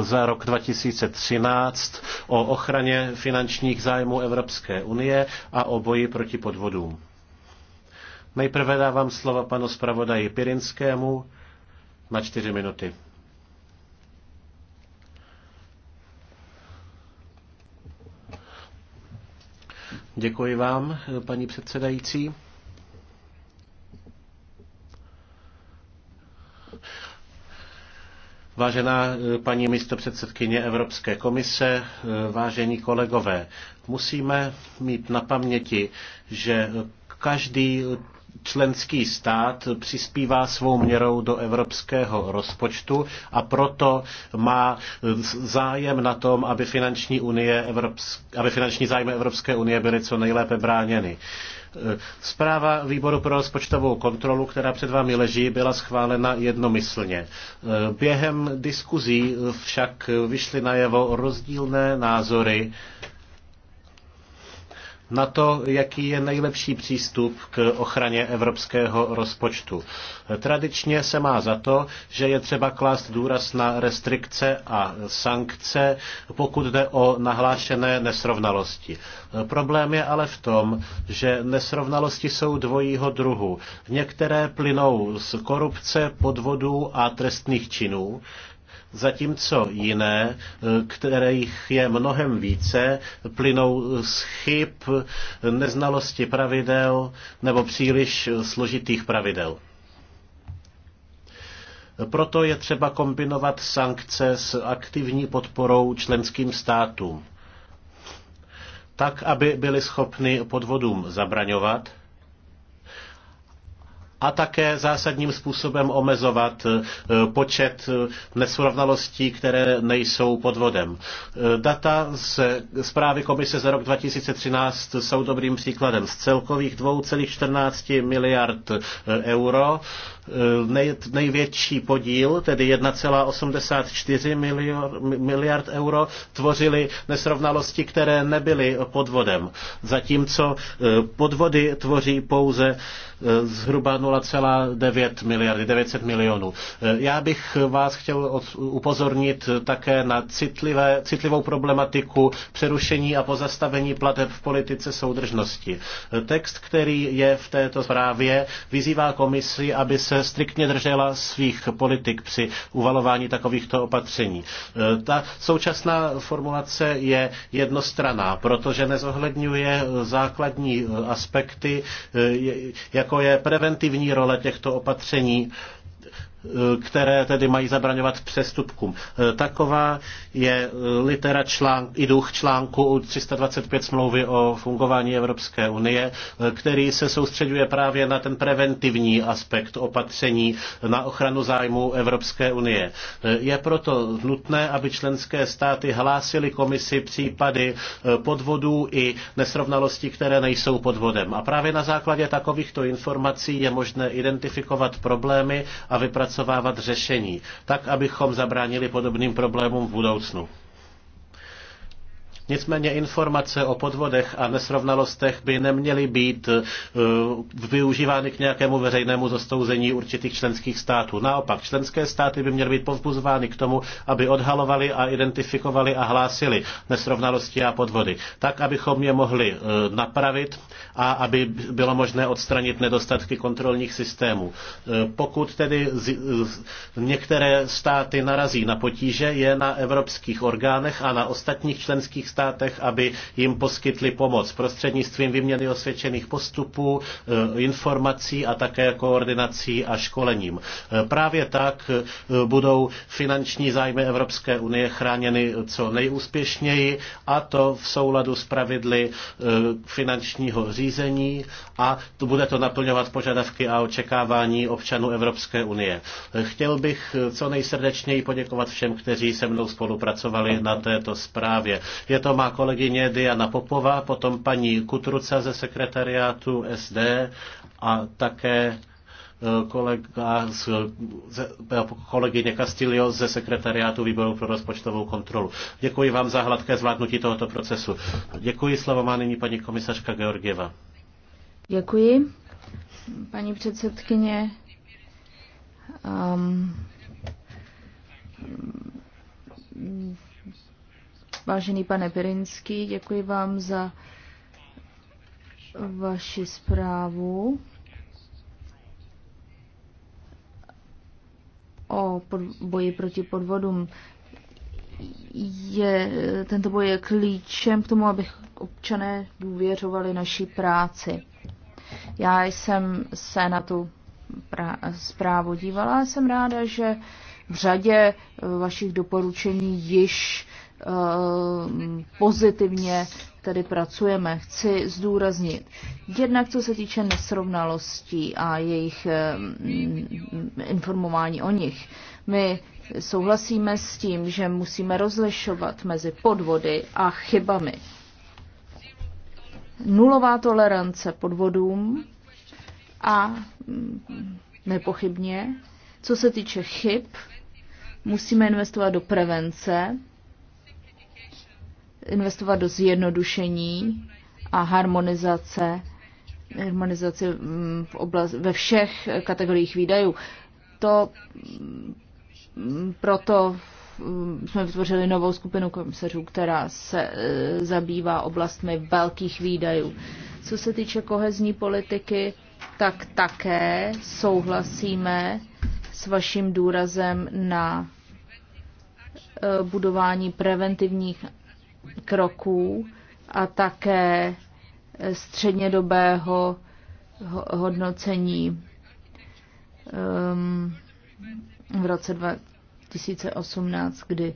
za rok 2013 o ochraně finančních zájmů Evropské unie a o boji proti podvodům. Nejprve dávám slova panu zpravodaji Pirinskému na čtyři minuty. Děkuji vám, paní předsedající. Vážená eh, paní místopředsedkyně Evropské komise, eh, vážení kolegové, musíme mít na paměti, že eh, každý členský stát přispívá svou měrou do evropského rozpočtu a proto má zájem na tom, aby finanční, unie, Evropsk- aby finanční zájmy Evropské unie byly co nejlépe bráněny. Zpráva výboru pro rozpočtovou kontrolu, která před vámi leží, byla schválena jednomyslně. Během diskuzí však vyšly najevo rozdílné názory na to, jaký je nejlepší přístup k ochraně evropského rozpočtu. Tradičně se má za to, že je třeba klást důraz na restrikce a sankce, pokud jde o nahlášené nesrovnalosti. Problém je ale v tom, že nesrovnalosti jsou dvojího druhu. Některé plynou z korupce, podvodů a trestných činů, zatímco jiné, eh, kterých je mnohem více, plynou z chyb, neznalosti pravidel nebo příliš složitých pravidel. Proto je třeba kombinovat sankce s aktivní podporou členským státům, tak aby byly schopny podvodům zabraňovat a také zásadním způsobem omezovat eh, počet eh, nesrovnalostí, které nejsou podvodem. Eh, data z zprávy komise za rok 2013 jsou dobrým příkladem. Z celkových 2,14 miliard euro Eh, nej, největší podíl, tedy 1,84 miliard euro, tvořily nesrovnalosti, které nebyly podvodem. Zatímco eh, podvody tvoří pouze eh, zhruba 0,9 miliardy, 900 milionů. Já bych vás chtěl upozornit také na citlivé, citlivou problematiku přerušení a pozastavení plateb v politice soudržnosti. Text, který je v této zprávě, vyzývá komisi, aby se se striktně držela svých politik při uvalování takovýchto opatření. E, ta současná formulace je jednostraná, protože nezohledňuje základní aspekty, e, jako je preventivní role těchto opatření Eh, které tedy mají zabraňovat přestupkům. Eh, taková je eh, litera článku, i duch článku 325 smlouvy o fungování Evropské unie, který se soustředuje právě na ten preventivní aspekt opatření na ochranu zájmu Evropské unie. Je proto nutné, aby členské státy hlásily komisi případy podvodů i nesrovnalostí, které nejsou podvodem. A právě na základě takovýchto informací je možné identifikovat problémy a vypracovat vypracovávat řešení, tak abychom zabránili podobným problémům v budoucnu. Nicméně informace o podvodech a nesrovnalostech by neměly být eh, využívány k nějakému veřejnému zastouzení určitých členských států. Naopak, členské státy by měly být povzbuzovány k tomu, aby odhalovali a identifikovali a hlásili nesrovnalosti a podvody, tak, abychom je mohli eh, napravit a aby bylo možné odstranit nedostatky kontrolních systémů. Eh, pokud tedy některé státy narazí na potíže, je na evropských orgánech a na ostatních členských státech státech, aby jim poskytli pomoc prostřednictvím vyměny osvědčených postupů, eh, informací a také koordinací a školením. Eh, právě tak eh, budou finanční zájmy Evropské unie chráněny co nejúspěšněji a to v souladu s pravidly finančního řízení a to bude to naplňovat požadavky a očekávání občanů Evropské unie. Chtěl bych co nejsrdečněji poděkovat všem, kteří se mnou spolupracovali na této zprávě. Je to to má kolegyně Diana Popová, potom paní Kutruca ze sekretariátu SD a také e, kolega, e, kolegyně Castillo ze sekretariátu výboru pro rozpočtovou kontrolu. Děkuji vám za hladké zvládnutí tohoto procesu. Děkuji, slovo má nyní paní komisařka Georgieva. Děkuji, paní předsedkyně. Um, Vážený pane Pirinský, děkuji vám za vaši zprávu o boji proti podvodům. Je, tento boj je klíčem k tomu, aby občané důvěřovali naší práci. Já jsem se na tu zprávu dívala a jsem ráda, že v řadě vašich doporučení již Ehm, pozitivně tady pracujeme. Chci zdůraznit, jednak co se týče nesrovnalostí a jejich ehm, informování o nich, my souhlasíme s tím, že musíme rozlišovat mezi podvody a chybami. Nulová tolerance podvodům a mm, nepochybně, co se týče chyb, musíme investovat do prevence investovat do zjednodušení a harmonizace, harmonizace mm, v oblast, ve všech kategoriích výdajů. To mm, proto mm, jsme vytvořili novou skupinu komisařů, která se e, zabývá oblastmi velkých výdajů. Co se týče kohezní politiky, tak také souhlasíme s vaším důrazem na e, budování preventivních kroků a také střednědobého hodnocení um, v roce 2018, kdy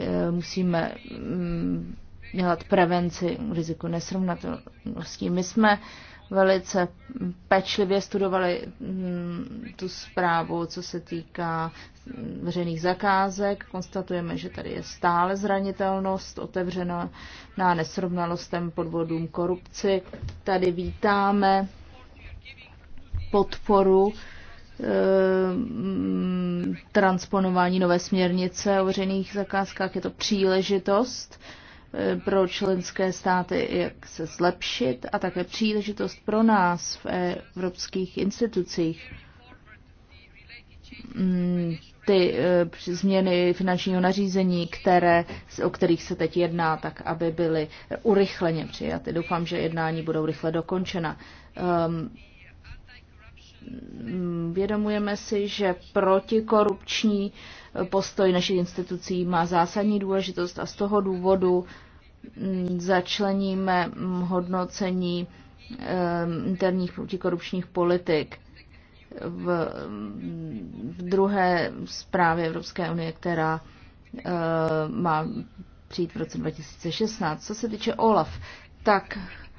eh, musíme mm, dělat prevenci riziku nesrovnatelností. My jsme velice pečlivě studovali mm, tu zprávu, co se týká veřejných zakázek. Konstatujeme, že tady je stále zranitelnost, otevřená na nesrovnalostem, podvodům, korupci. Tady vítáme podporu e, mm, transponování nové směrnice o veřejných zakázkách. Je to příležitost pro členské státy, jak se zlepšit a také příležitost pro nás v evropských institucích. Mm, ty eh, změny finančního nařízení, které, o kterých se teď jedná, tak aby byly urychleně přijaty. Doufám, že jednání budou rychle dokončena. Ehm, vědomujeme si, že protikorupční postoj našich institucí má zásadní důležitost a z toho důvodu začleníme hodnocení ehm, interních protikorupčních politik v, v druhé zprávě Evropské unie, která ehm, má přijít v roce 2016. Co se týče OLAF, tak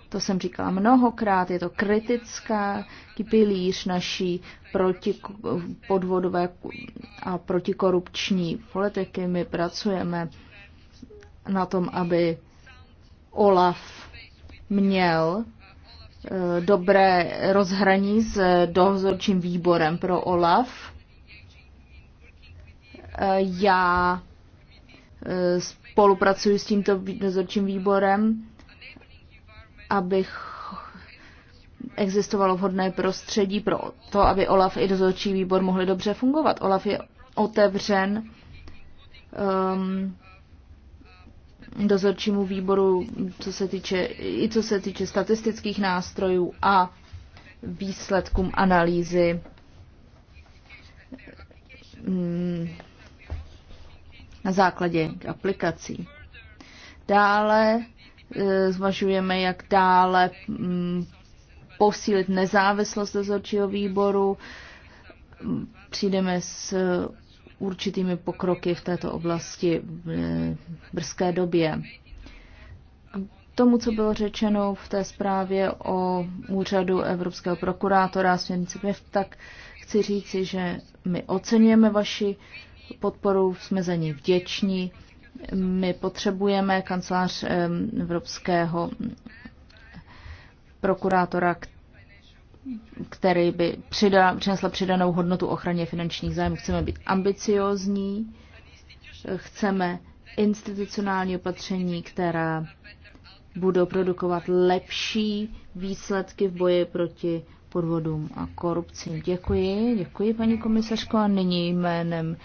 to jsem říkala mnohokrát, je to kritická pilíř naší proti podvodové a protikorupční politiky. My pracujeme na tom, aby Olaf měl eh, dobré rozhraní s dohozorčím výborem pro OLAF. Eh, já eh, spolupracuji s tímto dozorčím výborem, abych existovalo vhodné prostředí pro to, aby OLAF i dozorčí výbor mohli dobře fungovat. OLAF je otevřen um, dozorčímu výboru, co se týče, i co se týče statistických nástrojů a výsledkům analýzy hmm, na základě aplikací. Dále e, zvažujeme, jak dále hmm, posílit nezávislost dozorčího výboru. Hmm, přijdeme s určitými pokroky v této oblasti eh, v brzké době. Tomu, co bylo řečeno v té zprávě o úřadu Evropského prokurátora směrnici PIF, tak chci říci, že my oceňujeme vaši podporu, jsme za ní vděční. My potřebujeme kancelář eh, Evropského prokurátora, který by přidá, přinesl přidanou hodnotu ochraně finančních zájmů. Chceme být ambiciozní, chceme institucionální opatření, která budou produkovat lepší výsledky v boji proti podvodům a korupci. Děkuji, děkuji paní komisařko a nyní jménem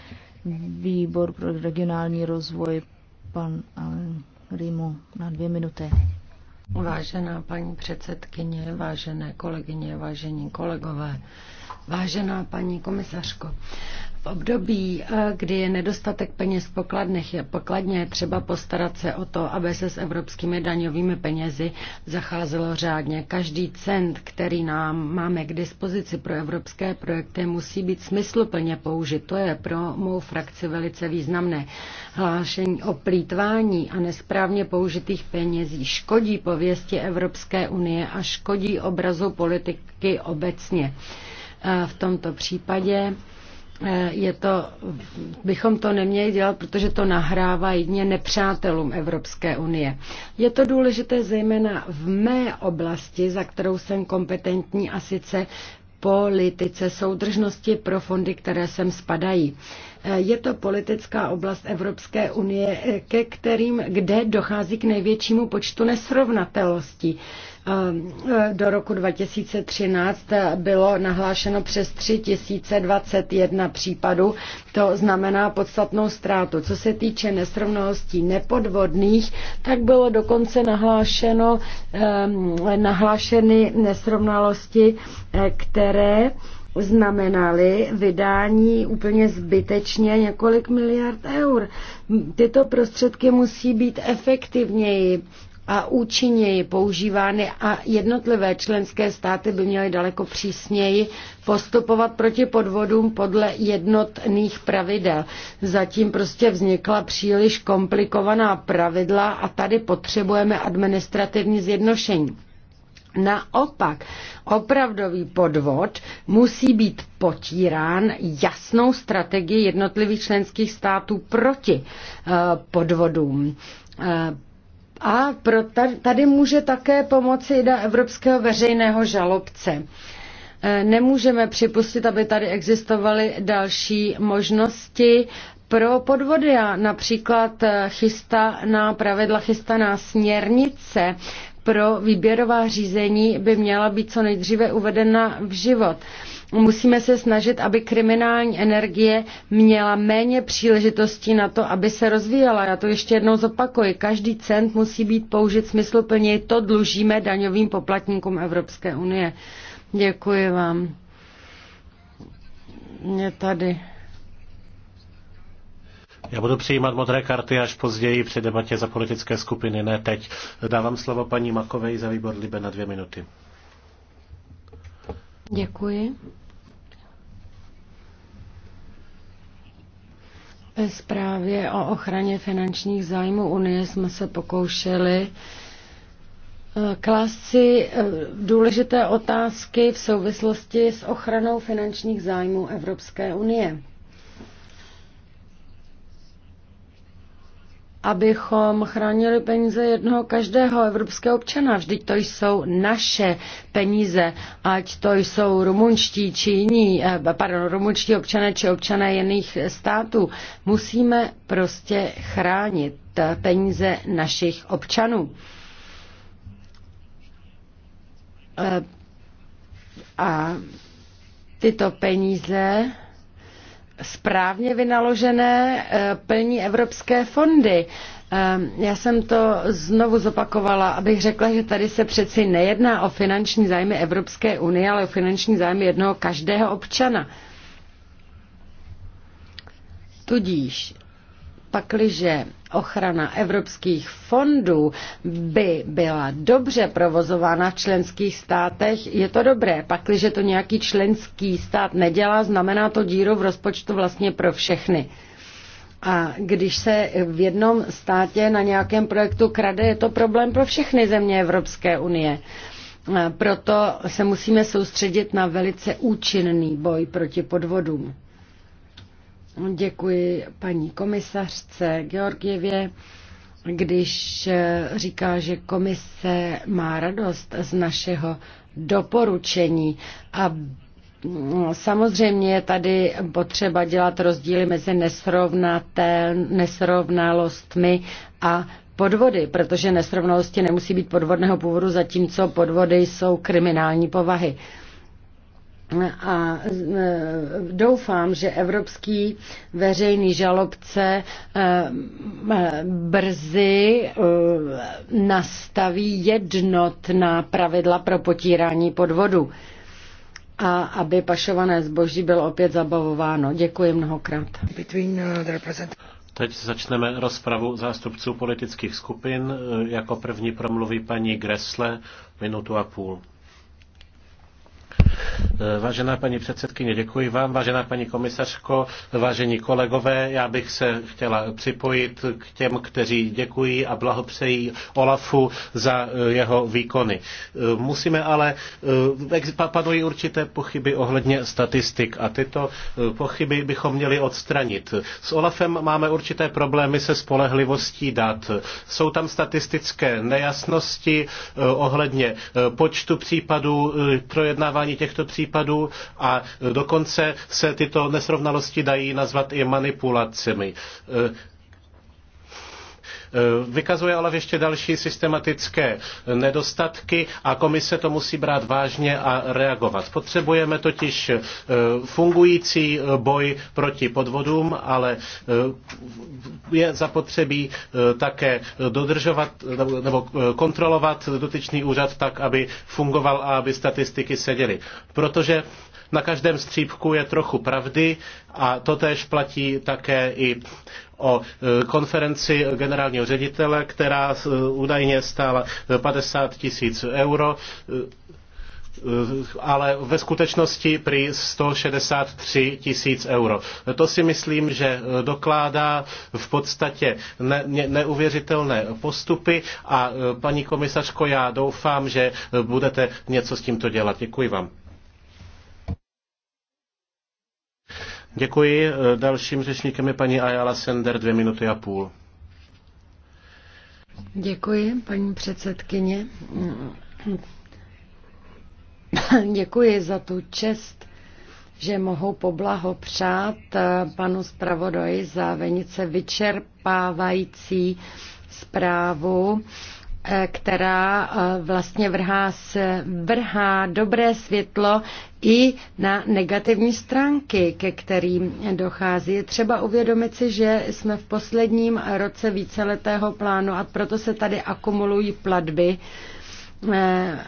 Výbor pro regionální rozvoj pan Rimo na dvě minuty. Vážená paní předsedkyně, vážené kolegyně, vážení kolegové, vážená paní komisařko, v období, eh, kdy je nedostatek peněz v pokladnech, je pokladně třeba postarat se o to, aby se s evropskými daňovými penězi zacházelo řádně. Každý cent, který nám máme k dispozici pro evropské projekty, musí být smysluplně použit. To je pro mou frakci velice významné. Hlášení o plítvání a nesprávně použitých penězí škodí pověsti Evropské unie a škodí obrazu politiky obecně. Eh, v tomto případě Eh, je to, bychom to neměli dělat, protože to nahrává jedně nepřátelům Evropské unie. Je to důležité zejména v mé oblasti, za kterou jsem kompetentní a sice politice soudržnosti pro fondy, které sem spadají. Eh, je to politická oblast Evropské unie, eh, ke kterým, kde dochází k největšímu počtu nesrovnatelností. Ehm, do roku 2013 bylo nahlášeno přes 3021 případů, to znamená podstatnou ztrátu. Co se týče nesrovnalostí nepodvodných, tak bylo dokonce nahlášeno, ehm, nahlášeny nesrovnalosti, eh, které znamenaly vydání úplně zbytečně několik miliard eur. Tyto prostředky musí být efektivněji a účinněji používány a jednotlivé členské státy by měly daleko přísněji postupovat proti podvodům podle jednotných pravidel. Zatím prostě vznikla příliš komplikovaná pravidla a tady potřebujeme administrativní zjednošení. Naopak, opravdový podvod musí být potírán jasnou strategii jednotlivých členských států proti eh, podvodům eh, a pro tady může také pomoci jde Evropského veřejného žalobce. E, nemůžeme připustit, aby tady existovaly další možnosti pro podvody. a například e, chysta na pravidla, chysta na směrnice pro výběrová řízení by měla být co nejdříve uvedena v život musíme se snažit, aby kriminální energie měla méně příležitostí na to, aby se rozvíjela. Já to ještě jednou zopakuji. Každý cent musí být použit smysluplně. To dlužíme daňovým poplatníkům Evropské unie. Děkuji vám. Mě tady. Já budu přijímat modré karty až později při debatě za politické skupiny, ne teď. Dávám slovo paní Makovej za výbor Libe na dvě minuty. Děkuji. Ve zprávě o ochraně finančních zájmů Unie jsme se pokoušeli eh, klást si eh, důležité otázky v souvislosti s ochranou finančních zájmů Evropské unie. abychom chránili peníze jednoho každého evropského občana. Vždyť to jsou naše peníze, ať to jsou rumunští či jiní, eh, pardon, rumunští občané či občané jiných států. Musíme prostě chránit peníze našich občanů. Eh, a tyto peníze správně vynaložené eh, plní evropské fondy. Eh, já jsem to znovu zopakovala, abych řekla, že tady se přeci nejedná o finanční zájmy Evropské unie, ale o finanční zájmy jednoho každého občana. Tudíž Pakliže ochrana evropských fondů by byla dobře provozována v členských státech, je to dobré. Pakliže to nějaký členský stát nedělá, znamená to díru v rozpočtu vlastně pro všechny. A když se v jednom státě na nějakém projektu krade, je to problém pro všechny země Evropské unie. Proto se musíme soustředit na velice účinný boj proti podvodům. Děkuji paní komisařce Georgievě, když eh, říká, že komise má radost z našeho doporučení a mm, Samozřejmě je tady potřeba dělat rozdíly mezi nesrovnalostmi a podvody, protože nesrovnalosti nemusí být podvodného původu, zatímco podvody jsou kriminální povahy a e, doufám, že evropský veřejný žalobce e, e, brzy nastaví jednotná pravidla pro potírání podvodu a aby pašované zboží bylo opět zabavováno. Děkuji mnohokrát. Uh, Teď začneme rozpravu zástupců politických skupin. Jako první promluví paní Gresle minutu a půl. Eh, vážená paní předsedkyně, děkuji vám. Vážená paní komisařko, vážení kolegové, já bych se chtěla připojit k těm, kteří děkují a blahopřejí Olafu za eh, jeho výkony. Eh, musíme ale, panují určité pochyby ohledně statistik a tyto pochyby bychom měli odstranit. S Olafem máme určité problémy se spolehlivostí dat. Jsou tam statistické nejasnosti ohledně počtu případů projednávání těch těchto případů a dokonce se tyto nesrovnalosti dají nazvat i manipulacemi. Eh, vykazuje ale ještě další systematické eh, nedostatky a komise to musí brát vážně a reagovat. Potřebujeme totiž eh, fungující boj proti podvodům, ale je zapotřebí také dodržovat nebo kontrolovat dotyčný úřad tak, aby fungoval a aby statistiky seděly. Protože na každém střípku je trochu pravdy a to platí také i o e, konferenci generálního ředitele, která e, údajně stála 50 e, tisíc euro ale ve skutečnosti při 163 tisíc euro. To si myslím, že dokládá v podstatě ne, ne, neuvěřitelné postupy a paní komisařko, já doufám, že budete něco s tímto dělat. Děkuji vám. Děkuji. Dalším řečníkem je paní Ayala Sender, dvě minuty a půl. Děkuji, paní předsedkyně. Děkuji za tu čest, že mohu poblahopřát panu zpravodaji za venice vyčerpávající zprávu Eh, která eh, vlastně vrhá, se, vrhá dobré světlo i na negativní stránky, ke kterým dochází. Je třeba uvědomit si, že jsme v posledním roce víceletého plánu a proto se tady akumulují platby, eh,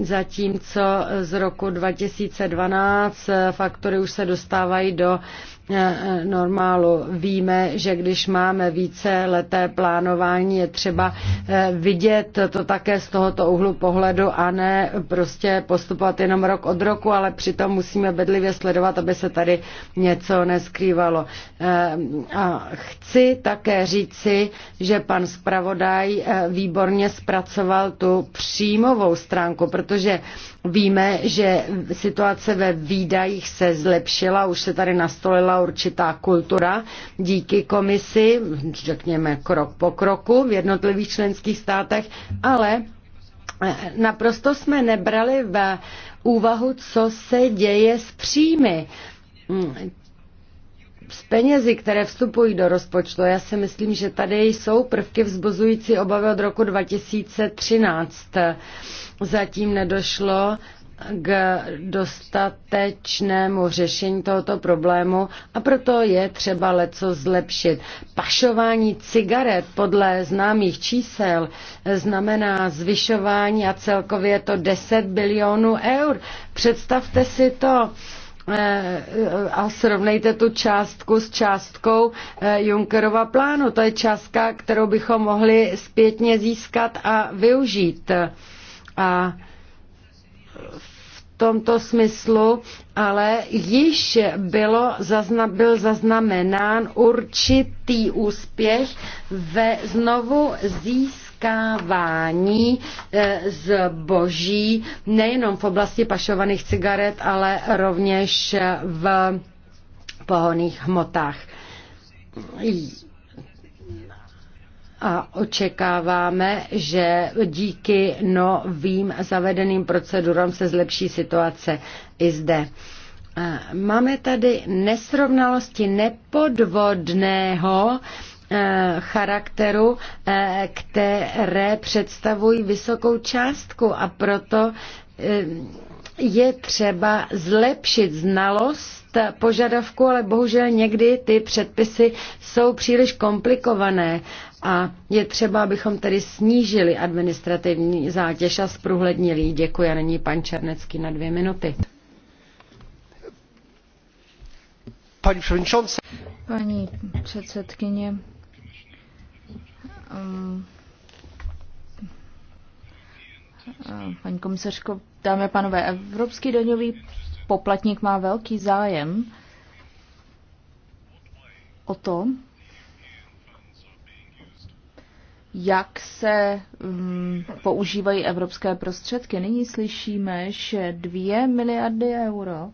zatímco z roku 2012 faktory už se dostávají do Eh, normálu. Víme, že když máme více leté plánování, je třeba eh, vidět to také z tohoto uhlu pohledu a ne prostě postupovat jenom rok od roku, ale přitom musíme bedlivě sledovat, aby se tady něco neskrývalo. Eh, a chci také říci, že pan zpravodaj výborně zpracoval tu příjmovou stránku, protože Víme, že situace ve výdajích se zlepšila, už se tady nastolila určitá kultura díky komisi, řekněme krok po kroku v jednotlivých členských státech, ale naprosto jsme nebrali v úvahu, co se děje s příjmy s penězi, které vstupují do rozpočtu, já si myslím, že tady jsou prvky vzbuzující obavy od roku 2013. Zatím nedošlo k dostatečnému řešení tohoto problému a proto je třeba leco zlepšit. Pašování cigaret podle známých čísel znamená zvyšování a celkově je to 10 bilionů eur. Představte si to Eh, eh, a srovnejte tu částku s částkou eh, Junckerova plánu. To je částka, kterou bychom mohli zpětně získat a využít. A v tomto smyslu, ale již bylo zazna, byl zaznamenán určitý úspěch ve znovu získání získávání eh, zboží nejenom v oblasti pašovaných cigaret, ale rovněž v pohoných hmotách. A očekáváme, že díky novým zavedeným procedurám se zlepší situace i zde. Eh, máme tady nesrovnalosti nepodvodného Eh, charakteru, eh, které představují vysokou částku a proto eh, je třeba zlepšit znalost požadavku, ale bohužel někdy ty předpisy jsou příliš komplikované a je třeba, abychom tedy snížili administrativní zátěž a zprůhlednili ji. Děkuji a není pan Černecký na dvě minuty. Paní předsedkyně, Um, paní komisařko, dámy a pánové, evropský daňový poplatník má velký zájem o to, jak se um, používají evropské prostředky. Nyní slyšíme, že 2 miliardy euro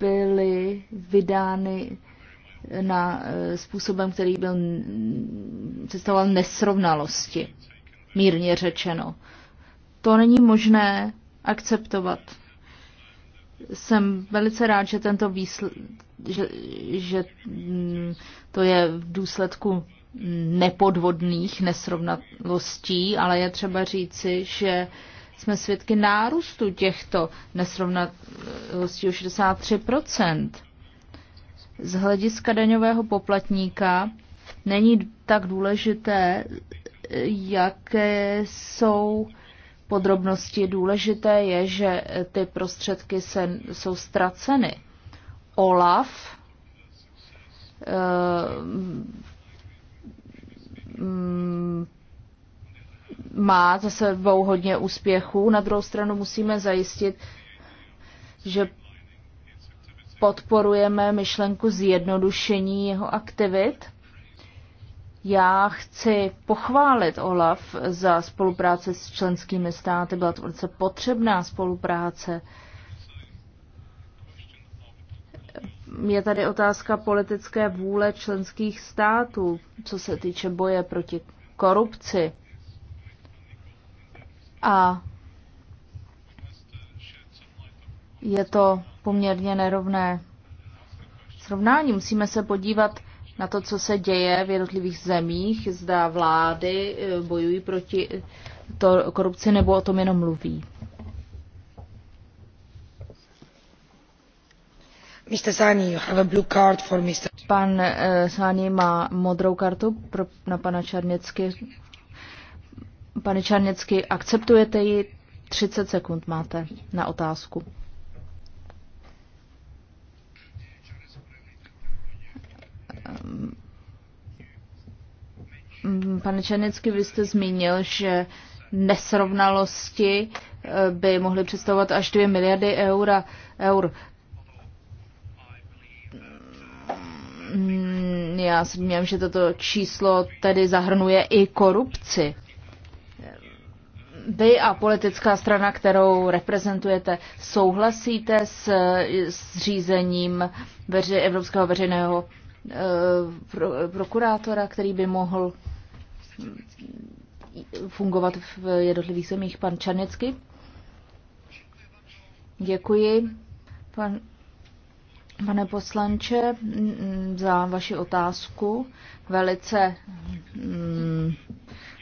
byly vydány na e, způsobem, který byl představoval nesrovnalosti, mírně řečeno. To není možné akceptovat. Jsem velice rád, že tento výsl, že, že mm, to je v důsledku nepodvodných nesrovnalostí, ale je třeba říci, že jsme svědky nárůstu těchto nesrovnalostí nemovitostí o 63 Z hlediska daňového poplatníka není tak důležité, jaké jsou podrobnosti. Důležité je, že ty prostředky se, jsou ztraceny. Olaf eh, mm, má zase sebou hodně úspěchů. Na druhou stranu musíme zajistit, že podporujeme myšlenku zjednodušení jeho aktivit. Já chci pochválit Olaf za spolupráci s členskými státy. Byla to velice potřebná spolupráce. Je tady otázka politické vůle členských států, co se týče boje proti korupci. A je to poměrně nerovné srovnání. Musíme se podívat na to, co se děje v jednotlivých zemích, zda vlády eh, bojují proti eh, to korupci nebo o tom jenom mluví. Mr. Sani, you have a blue card for Mr. Pan uh, Sani má modrou kartu pro, na pana Čarněcky. Pane Čarněcky, akceptujete ji? 30 sekund máte na otázku. Ehm, pane Černecky, vy jste zmínil, že nesrovnalosti eh, by mohly představovat až 2 miliardy eura, eur. Ehm, já si domnívám, že toto číslo tedy zahrnuje i korupci. Ehm, vy a politická strana, kterou reprezentujete, souhlasíte s zřízením veře, Evropského veřejného Eh, pro, prokurátora, který by mohl fungovat v jednotlivých zemích. Pan Čanecky. Děkuji, pan, pane poslanče, mm, za vaši otázku. Velice mm,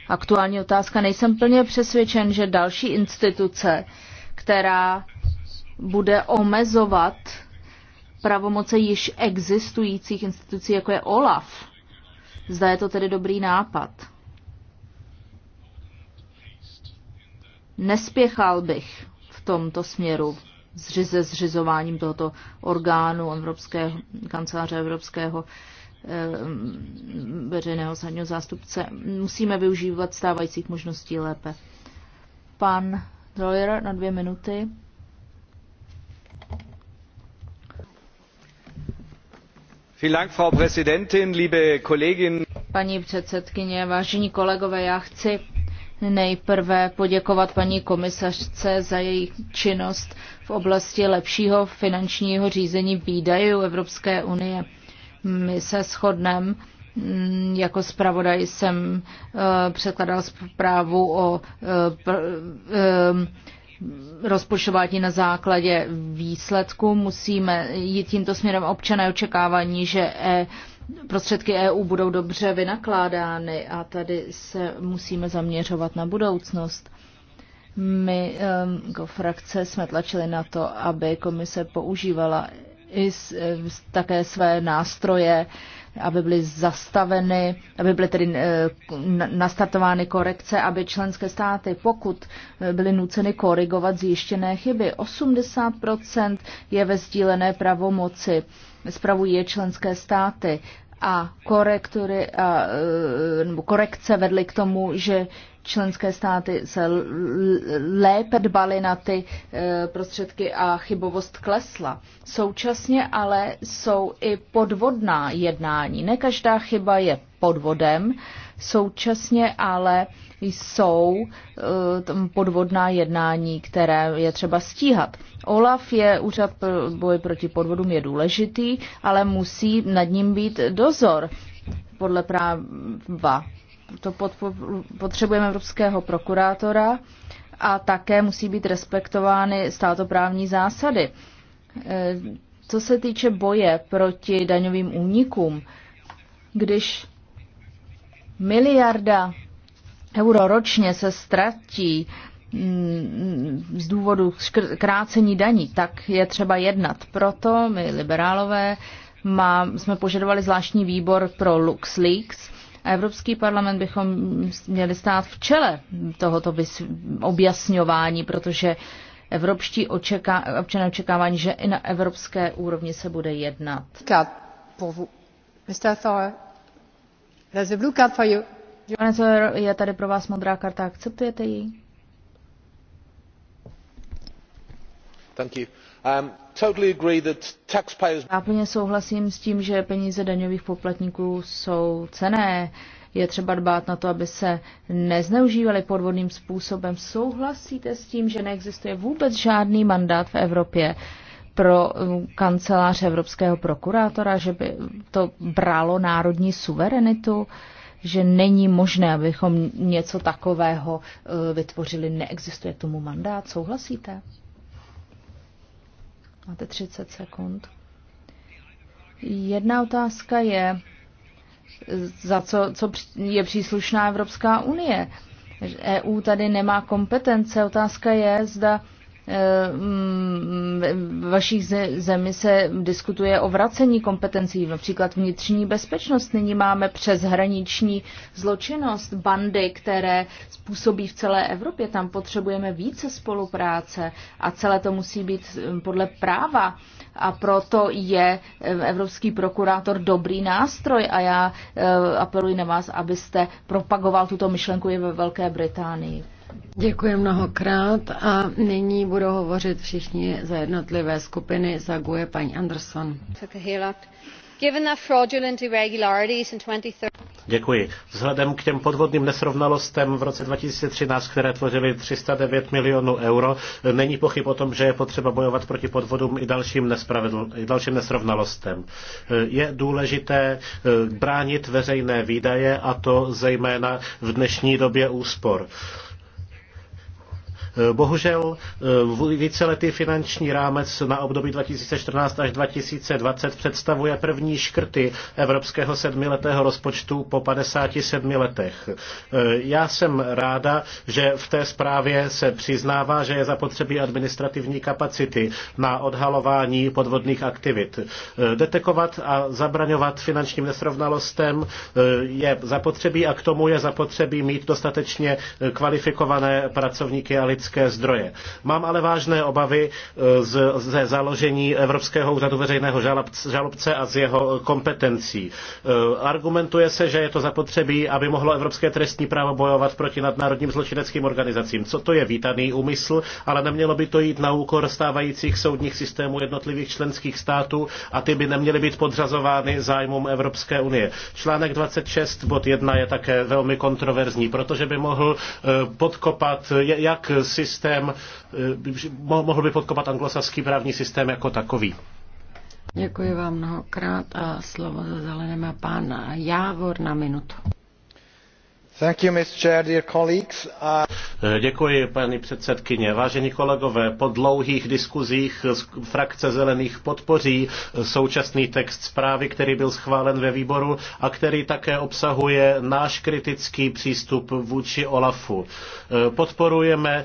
aktuální otázka. Nejsem plně přesvědčen, že další instituce, která bude omezovat pravomoce již existujících institucí, jako je OLAF. Zda je to tedy dobrý nápad. Nespěchal bych v tomto směru zřize zřizováním tohoto orgánu Evropského, kanceláře Evropského eh, veřejného sadního zástupce. Musíme využívat stávajících možností lépe. Pan Dreuer na dvě minuty. Paní předsedkyně, vážení kolegové, já chci nejprve poděkovat paní komisařce za její činnost v oblasti lepšího finančního řízení výdajů Evropské unie. My se shodneme, mm, jako zpravodaj jsem eh, předkladal zprávu o eh, eh, rozpočtování na základě výsledku. Musíme jít tímto směrem občané očekávání, že e, prostředky EU budou dobře vynakládány a tady se musíme zaměřovat na budoucnost. My jako frakce jsme tlačili na to, aby komise používala i e, také své nástroje aby byly zastaveny, aby byly tedy eh, nastartovány korekce, aby členské státy, pokud eh, byly nuceny korigovat zjištěné chyby, 80% je ve sdílené pravomoci, zpravují je členské státy a a, eh, nebo korekce vedly k tomu, že členské státy se lépe dbaly na ty e, prostředky a chybovost klesla. Současně ale jsou i podvodná jednání. Ne každá chyba je podvodem, současně ale jsou e, podvodná jednání, které je třeba stíhat. OLAF je úřad boje boj proti podvodům, je důležitý, ale musí nad ním být dozor podle práva to potřebujeme evropského prokurátora a také musí být respektovány státoprávní zásady. E, co se týče boje proti daňovým únikům, když miliarda euro ročně se ztratí mm, z důvodu krácení daní, tak je třeba jednat. Proto my liberálové má, jsme požadovali zvláštní výbor pro LuxLeaks, a Evropský parlament bychom měli stát v čele tohoto objasňování, protože evropští očeká, občané očekávání, že i na evropské úrovni se bude jednat. Pane Zoyer, je tady pro vás modrá karta, akceptujete ji? Thank you. Um, Totally souhlasím s tím, že peníze daňových poplatníků jsou cené. Je třeba dbát na to, aby se nezneužívaly podvodným způsobem. Souhlasíte s tím, že neexistuje vůbec žádný mandát v Evropě pro um, kancelář Evropského prokurátora, že by to bralo národní suverenitu? že není možné, abychom něco takového uh, vytvořili. Neexistuje tomu mandát. Souhlasíte? Máte 30 sekund. Jedna otázka je, za co, co je příslušná Evropská unie. EU e tady nemá kompetence. Otázka je, zda Eh, mm, v vaší zemi se diskutuje o vracení kompetencí, například vnitřní bezpečnost. Nyní máme přeshraniční zločinnost, bandy, které způsobí v celé Evropě. Tam potřebujeme více spolupráce a celé to musí být eh, podle práva. A proto je eh, evropský prokurátor dobrý nástroj a já apeluji na vás, abyste propagoval tuto myšlenku i ve Velké Británii. Děkuji mnohokrát a nyní budou hovořit všichni za jednotlivé skupiny. Za paní Anderson. Děkuji. Vzhledem k těm podvodným nesrovnalostem v roce 2013, které tvořily 309 milionů euro, není pochyb o tom, že je potřeba bojovat proti podvodům i dalším, i dalším nesrovnalostem. Je důležité eh, bránit veřejné výdaje a to zejména v dnešní době úspor Bohužel eh, víceletý finanční rámec na období 2014 až 2020 představuje první škrty evropského sedmiletého rozpočtu po 57 letech. Eh, já jsem ráda, že v té zprávě se přiznává, že je zapotřebí administrativní kapacity na odhalování podvodných aktivit. Eh, detekovat a zabraňovat finančním nesrovnalostem je zapotřebí a k tomu je zapotřebí mít dostatečně kvalifikované pracovníky a lidské energetické zdroje. Mám ale vážné obavy eh, ze založení Evropského úřadu veřejného žalobce a z jeho kompetencí. Eh, argumentuje se, že je to zapotřebí, aby mohlo Evropské trestní právo bojovat proti nadnárodním zločineckým organizacím. Co to je vítaný úmysl, ale nemělo by to jít na úkor stávajících soudních systémů jednotlivých členských států a ty by neměly být podřazovány zájmům Evropské unie. Článek 26 bod 1 je také velmi kontroverzní, protože by mohl eh, podkopat jak systém, eh, mohl by podkopat anglosaský právní systém jako takový. Děkuji vám mnohokrát a slovo za zelené má pán Jávor na minutu. Eh, děkuji, paní předsedkyně. Vážení kolegové, po dlouhých diskuzích frakce zelených podpoří současný text zprávy, který byl schválen ve výboru a který také obsahuje náš kritický přístup vůči OLAFu. Eh, podporujeme eh,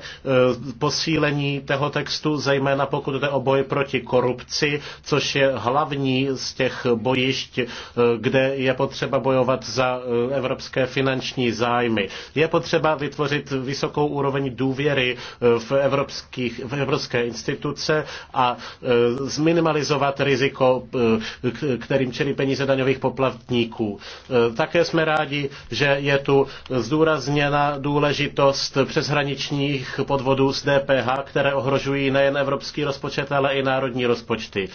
posílení toho textu, zejména pokud jde o boj proti korupci, což je hlavní z těch bojišť, kde je potřeba bojovat za evropské finanční zájmy. Je potřeba vytvořit vysokou úroveň důvěry eh, v, evropských, v evropské instituce a eh, zminimalizovat riziko, eh, kterým čelí peníze daňových poplatníků. Také jsme rádi, že je tu zdůrazněna důležitost přeshraničních podvodů s DPH, které ohrožují nejen evropský rozpočet, ale i národní rozpočty.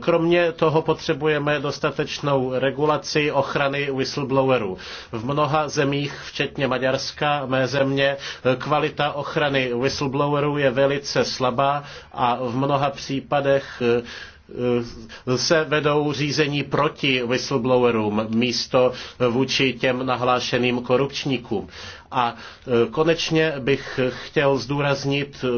Kromě toho potřebujeme dostatečnou regulaci ochrany whistleblowerů. V mnoha zemích zemích, včetně Maďarska, mé země, kvalita ochrany whistleblowerů je velice slabá a v mnoha případech eh, eh, se vedou řízení proti whistleblowerům místo vůči těm nahlášeným korupčníkům. A e, konečně bych chtěl zdůraznit, e,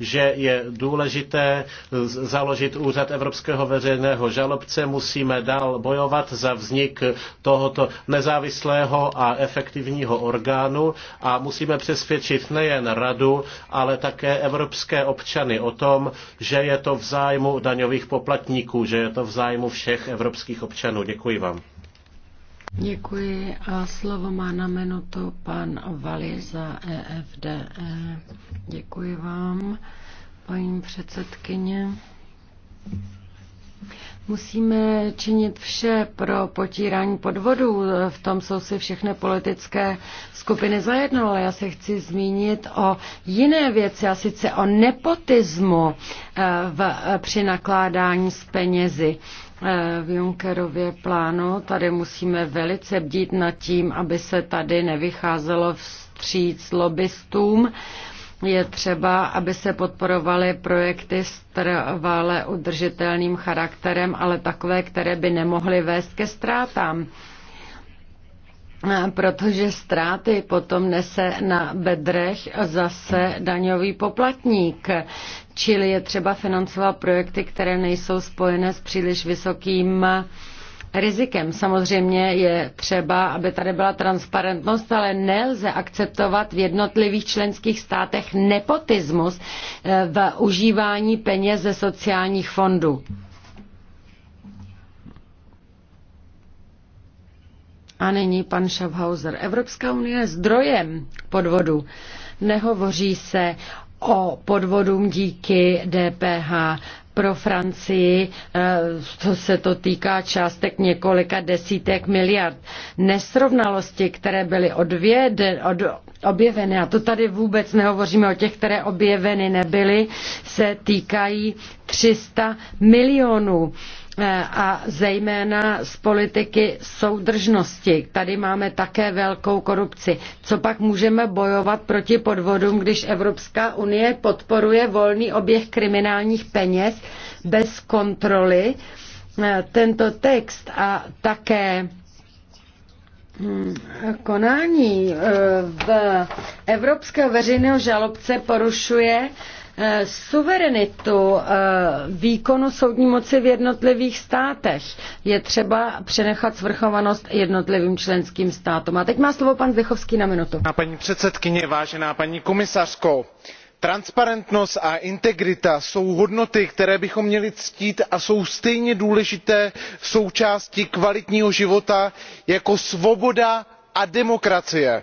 že je důležité e, založit úřad Evropského veřejného žalobce. Musíme dál bojovat za vznik tohoto nezávislého a efektivního orgánu a musíme přesvědčit nejen radu, ale také evropské občany o tom, že je to v zájmu daňových poplatníků, že je to v zájmu všech evropských občanů. Děkuji vám. Děkuji a slovo má na minutu pan Vali za EFDE. E. Děkuji vám, paní předsedkyně. Musíme činit vše pro potírání podvodů. V tom jsou si všechny politické skupiny zajedno, ale já se chci zmínit o jiné věci, a sice o nepotismu eh, v, při nakládání s penězi v Junckerově plánu. Tady musíme velice bdít nad tím, aby se tady nevycházelo vstříc lobbystům. Je třeba, aby se podporovaly projekty s trvale udržitelným charakterem, ale takové, které by nemohly vést ke ztrátám protože ztráty potom nese na bedrech zase daňový poplatník. Čili je třeba financovat projekty, které nejsou spojené s příliš vysokým rizikem. Samozřejmě je třeba, aby tady byla transparentnost, ale nelze akceptovat v jednotlivých členských státech nepotismus eh, v užívání peněz ze sociálních fondů. A nyní pan Schaffhauser. Evropská unie je zdrojem podvodu. Nehovoří se o podvodům díky DPH pro Francii, eh, co se to týká částek několika desítek miliard. Nesrovnalosti, které byly odvěd, od, objeveny, a to tady vůbec nehovoříme o těch, které objeveny nebyly, se týkají 300 milionů. Eh, a zejména z politiky soudržnosti. Tady máme také velkou korupci. Co pak můžeme bojovat proti podvodům, když Evropská unie podporuje volný oběh kriminálních peněz bez kontroly? Eh, tento text a také hm, konání eh, v Evropského veřejného žalobce porušuje Eh, suverenitu eh, výkonu soudní moci v jednotlivých státech. Je třeba přenechat svrchovanost jednotlivým členským státům. A teď má slovo pan Zdechovský na minutu. Paní předsedkyně, vážená paní komisařko, transparentnost a integrita jsou hodnoty které bychom měli ctít a jsou stejně důležité součástí kvalitního života jako svoboda a demokracie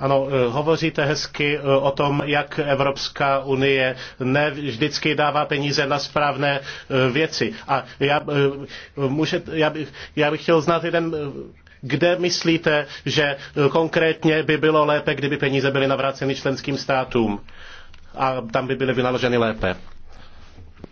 Ano, eh, hovoříte hezky eh, o tom, jak Evropská unie ne vždycky dává peníze na správné eh, věci. A já, může, já, bych, já bych chtěl znát jeden kde myslíte, že konkrétně by bylo lépe, kdyby peníze byly navráceny členským státům a tam by byly vynaloženy lépe?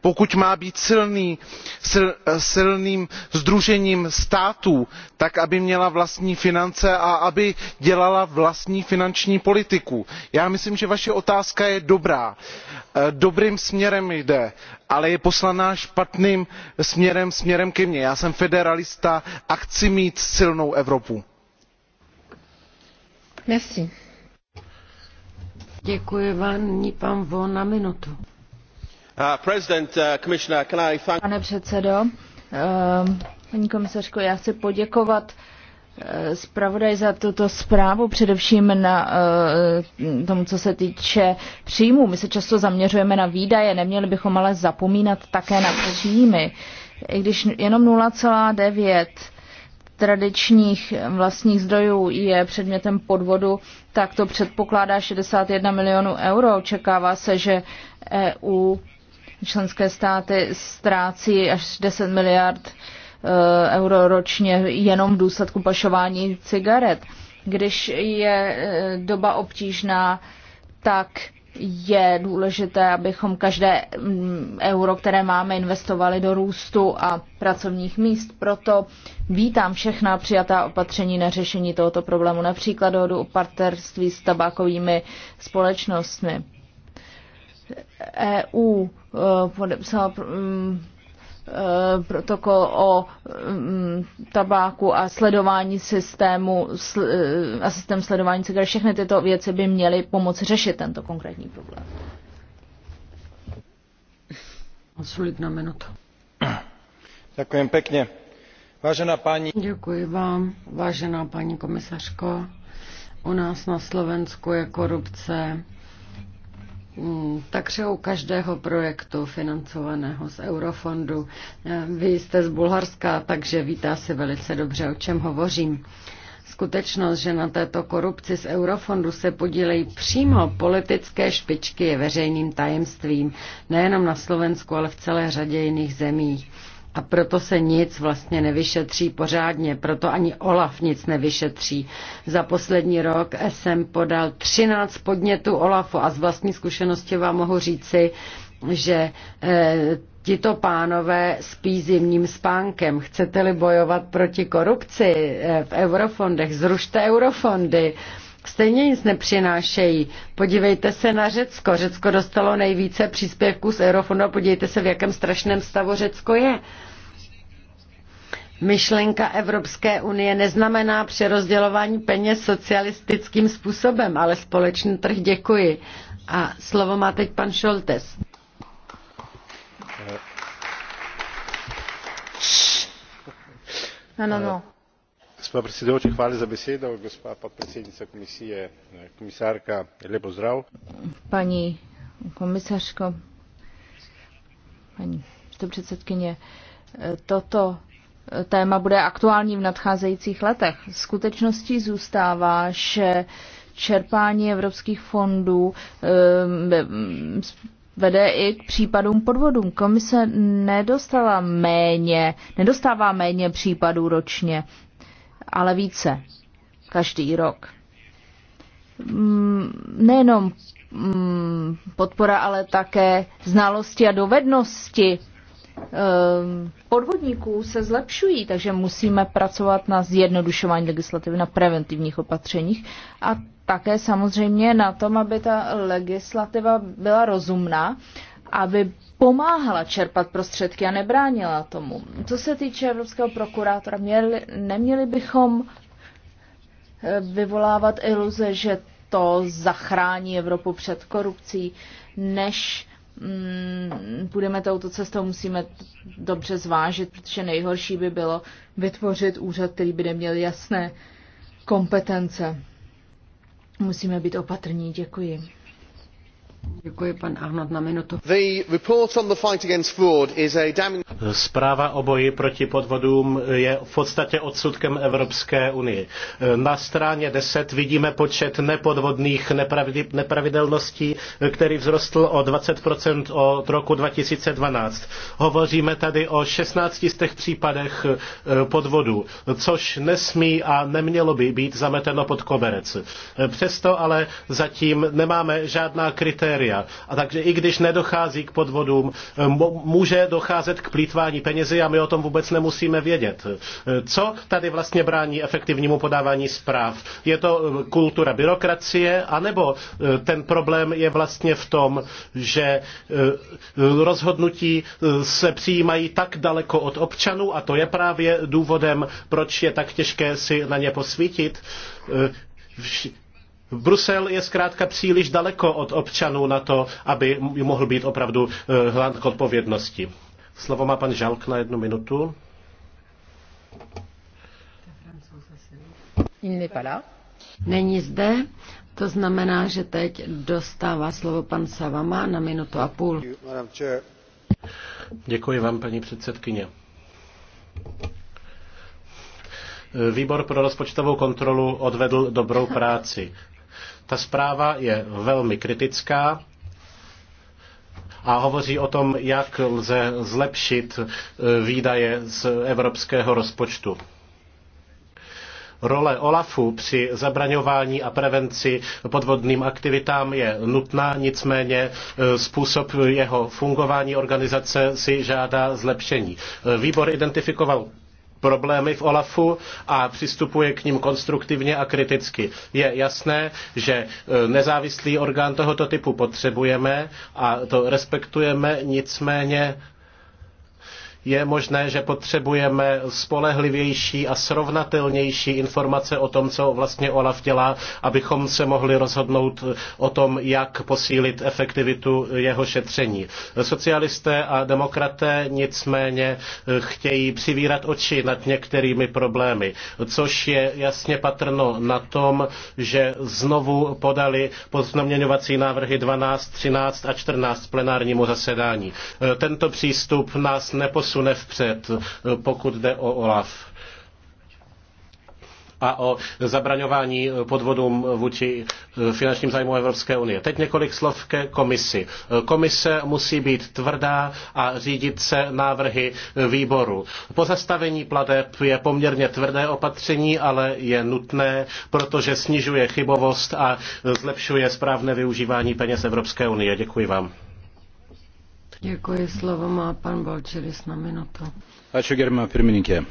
pokud má být silný, silným sdružením států tak aby měla vlastní finance a aby dělala vlastní finanční politiku. já myslím že vaše otázka je dobrá e, dobrým směrem jde ale je poslaná špatným směrem směrem ke mně. já jsem federalista a chci mít silnou evropu. Děkuji na minutu. Uh, uh, Pane předsedo, um, paní komisařko, já chci poděkovat uh, zpravodaji za tuto zprávu, především za tomu, co se týče příjmů. My se často zaměřujeme na výdaje, neměli bychom ale zapomínat také na příjmy. I když jenom 0,9 tradičních vlastních zdrojů je předmětem podvodu, tak to předpokládá 61 milionů euro. očekává se, že EU členské státy ztrácí až 10 miliard eh, euro ročně jenom v důsledku pašování cigaret. Když je eh, doba obtížná, tak je důležité, abychom každé mm, euro, které máme, investovali do růstu a pracovních míst. Proto vítám všechna přijatá opatření na řešení tohoto problému, například dohodu o partnerství s tabákovými společnostmi. EU e, podepsala mm, e, protokol o mm, tabáku a sledování systému e, a systém sledování cigare. Všechny tyto věci by měly pomoci řešit tento konkrétní problém. Jedna minuta. Děkuji pěkně. Vážená paní... Děkuji vám, vážená paní komisařko. U nás na Slovensku je korupce Mm, takže u každého projektu financovaného z Eurofondu. Eh, vy jste z Bulharska, takže víte asi velice dobře, o čem hovořím. Skutečnost, že na této korupci z Eurofondu se podílejí přímo politické špičky, je veřejným tajemstvím, nejenom na Slovensku, ale v celé řadě jiných zemí. A proto se nic vlastně nevyšetří pořádně, proto ani OLAF nic nevyšetří. Za poslední rok jsem podal 13 podnětů OLAFu a z vlastní zkušenosti vám mohu říci, že e, tito pánové spí zimním spánkem. Chcete-li bojovat proti korupci eh, v eurofondech, zrušte eurofondy. E, stejně nic nepřinášejí. Podívejte se na Řecko. Řecko dostalo nejvíce příspěvků z eurofondu a podívejte se, v jakém strašném stavu Řecko je. Myšlenka Evropské unie neznamená přerozdělování peněz socialistickým způsobem, ale společný trh děkuji. A slovo má teď pan Šoltes. No, no, no gospa predsedujoča hvala za besedo gospa podpredsednica komisije eh, komisarka lep pozdrav. paní komisařko paní místopředsedkyně eh, toto eh, téma bude aktuální v nadcházejících letech. skutečností zůstává že čerpání evropských fondů vede i k případům podvodům. Komise nedostala méně, nedostává méně případů ročně ale více každý rok. Mm, nejenom mm, podpora, ale také znalosti a dovednosti ehm, podvodníků se zlepšují, takže musíme pracovat na zjednodušování legislativy, na preventivních opatřeních a také samozřejmě na tom, aby ta legislativa byla rozumná, aby pomáhala čerpat prostředky a nebránila tomu. Co se týče evropského prokurátora, měli, neměli bychom eh, vyvolávat iluze, že to zachrání Evropu před korupcí, než mm, půjdeme touto cestou, musíme dobře zvážit, protože nejhorší by bylo vytvořit úřad, který by neměl jasné kompetence. Musíme být opatrní. Děkuji. The report on the fight against fraud is a damning... Zpráva o boji proti podvodům je v podstatě odsudkem Evropské unie. Na straně 10 vidíme počet nepodvodných nepravidelností, který vzrostl o 20% od roku 2012. Hovoříme tady o 16 z těch případech eh, podvodů, což nesmí a nemělo by být zameteno pod koberec. Přesto ale zatím nemáme žádná kritéria kritéria. A takže i když nedochází k podvodům, může docházet k plítvání penězi a my o tom vůbec nemusíme vědět. Co tady vlastně brání efektivnímu podávání zpráv? Je to eh, kultura byrokracie, anebo eh, ten problém je vlastně v tom, že eh, rozhodnutí se přijímají tak daleko od občanů a to je právě důvodem, proč je tak těžké si na ně posvítit Brusel je zkrátka příliš daleko od občanů na to, aby mohl být opravdu eh, hlad k odpovědnosti. Slovo má pan Žalk na jednu minutu. Není zde, to znamená, že teď dostává slovo pan Savama na minutu a půl. Děkuji vám, paní předsedkyně. Výbor pro rozpočtovou kontrolu odvedl dobrou práci. Ta zpráva je velmi kritická a hovoří o tom, jak lze zlepšit e, výdaje z evropského rozpočtu. Role OLAFu při zabraňování a prevenci podvodným aktivitám je nutná, nicméně e, způsob jeho fungování organizace si žádá zlepšení. E, výbor identifikoval problémy v OLAFu a přistupuje k ním konstruktivně a kriticky. Je jasné, že e, nezávislý orgán tohoto typu potřebujeme a to respektujeme, nicméně je možné, že potřebujeme spolehlivější a srovnatelnější informace o tom, co vlastně OLAF dělá, abychom se mohli rozhodnout o tom, jak posílit efektivitu jeho šetření. Socialisté a demokraté nicméně eh, chtějí přivírat oči nad některými problémy, což je jasně patrno na tom, že znovu podali pozměňovací návrhy 12, 13 a 14 plenárnímu zasedání. Eh, tento přístup nás neposílí posune vpřed, pokud jde o OLAF a o zabraňování podvodům vůči finančním zájmům Evropské unie. Teď několik slov ke komisi. Komise musí být tvrdá a řídit se návrhy výboru. Pozastavení plateb je poměrně tvrdé opatření, ale je nutné, protože snižuje chybovost a zlepšuje správné využívání peněz Evropské unie. Děkuji vám. Děkuji, slovo má pan Balčeris na minutu. Ačiū, gerbima pirmininkė.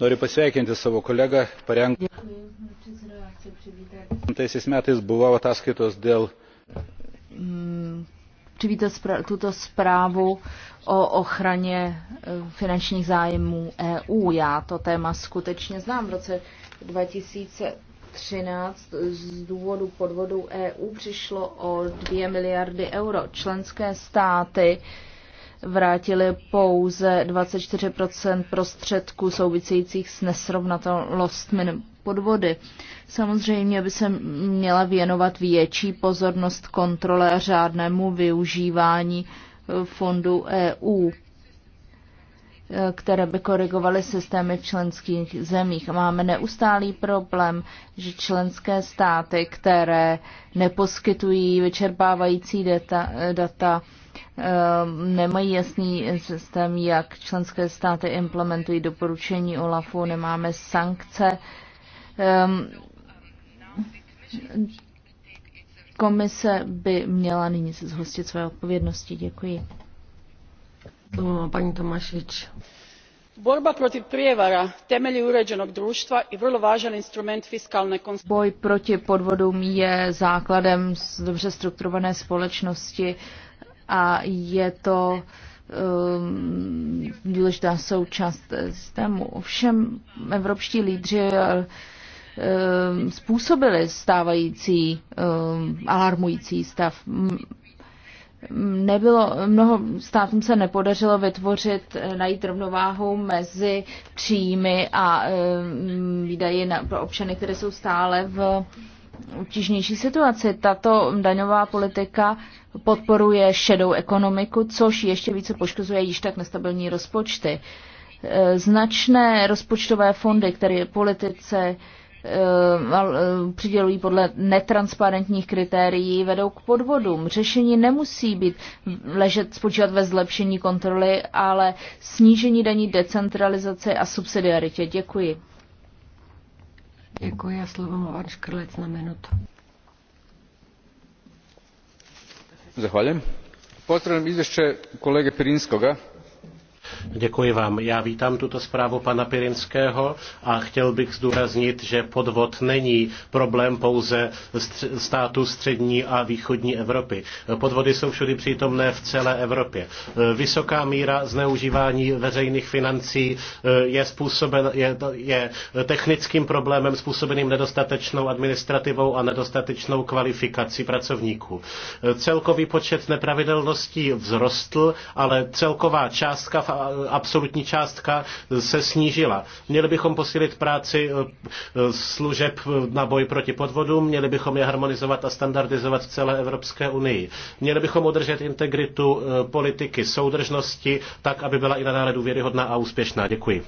Noriu pasveikinti savo kolegą, parengti. 2000 metais buvo ataskaitos dėl mm, přivítat tuto zprávu o ochraně eh, finančních zájmů EU. Já to téma skutečně znám. V roce 2000 2013 z důvodu podvodu EU přišlo o 2 miliardy euro. Členské státy vrátily pouze 24 prostředků souvisejících s nesrovnatelnostmi podvody. Samozřejmě by se měla věnovat větší pozornost kontrole a řádnému využívání fondu EU které by korigovaly systémy v členských zemích. máme neustálý problém, že členské státy, které neposkytují vyčerpávající data, data eh, nemají jasný systém, jak členské státy implementují doporučení OLAFu, nemáme sankce. Ehm, komise by měla nyní se zhostit své odpovědnosti. Děkuji. Borba protiv prijevara temelj je uređenog društva i vrlo važan instrument fiskalne Boj proti podvodům je základem dobře strukturované společnosti a je to um, důležitá součást systému. Ovšem evropští lídři um, způsobili stávající um, alarmující stav nebylo, mnoho státům se nepodařilo vytvořit, eh, najít rovnováhu mezi příjmy a eh, výdaji na, pro občany, které jsou stále v obtížnější situaci. Tato daňová politika podporuje šedou ekonomiku, což ještě více poškozuje již tak nestabilní rozpočty. Eh, značné rozpočtové fondy, které politice Eh, eh, přidělují podle netransparentních kritérií, vedou k podvodům. Řešení nemusí být ležet, spočívat ve zlepšení kontroly, ale snížení daní decentralizace a subsidiaritě. Děkuji. Děkuji a slovo má Škrlec na minutu. Zahvaljujem. Pozdravljam izvješće kolege Pirinskoga Děkuji vám. Já vítám tuto zprávu pana Pirinského a chtěl bych zdůraznit, že podvod není problém pouze států střední a východní Evropy. Podvody jsou všudy přítomné v celé Evropě. Vysoká míra zneužívání veřejných financí eh, je, způsoben, je, je technickým problémem způsobeným nedostatečnou administrativou a nedostatečnou kvalifikací pracovníků. Celkový počet nepravidelností vzrostl, ale celková částka v absolutní částka se snížila. Měli bychom posílit práci eh, služeb na boj proti podvodům, měli bychom je harmonizovat a standardizovat v celé Evropské unii. Měli bychom udržet integritu eh, politiky soudržnosti tak, aby byla i nadále důvěryhodná a úspěšná. Děkuji.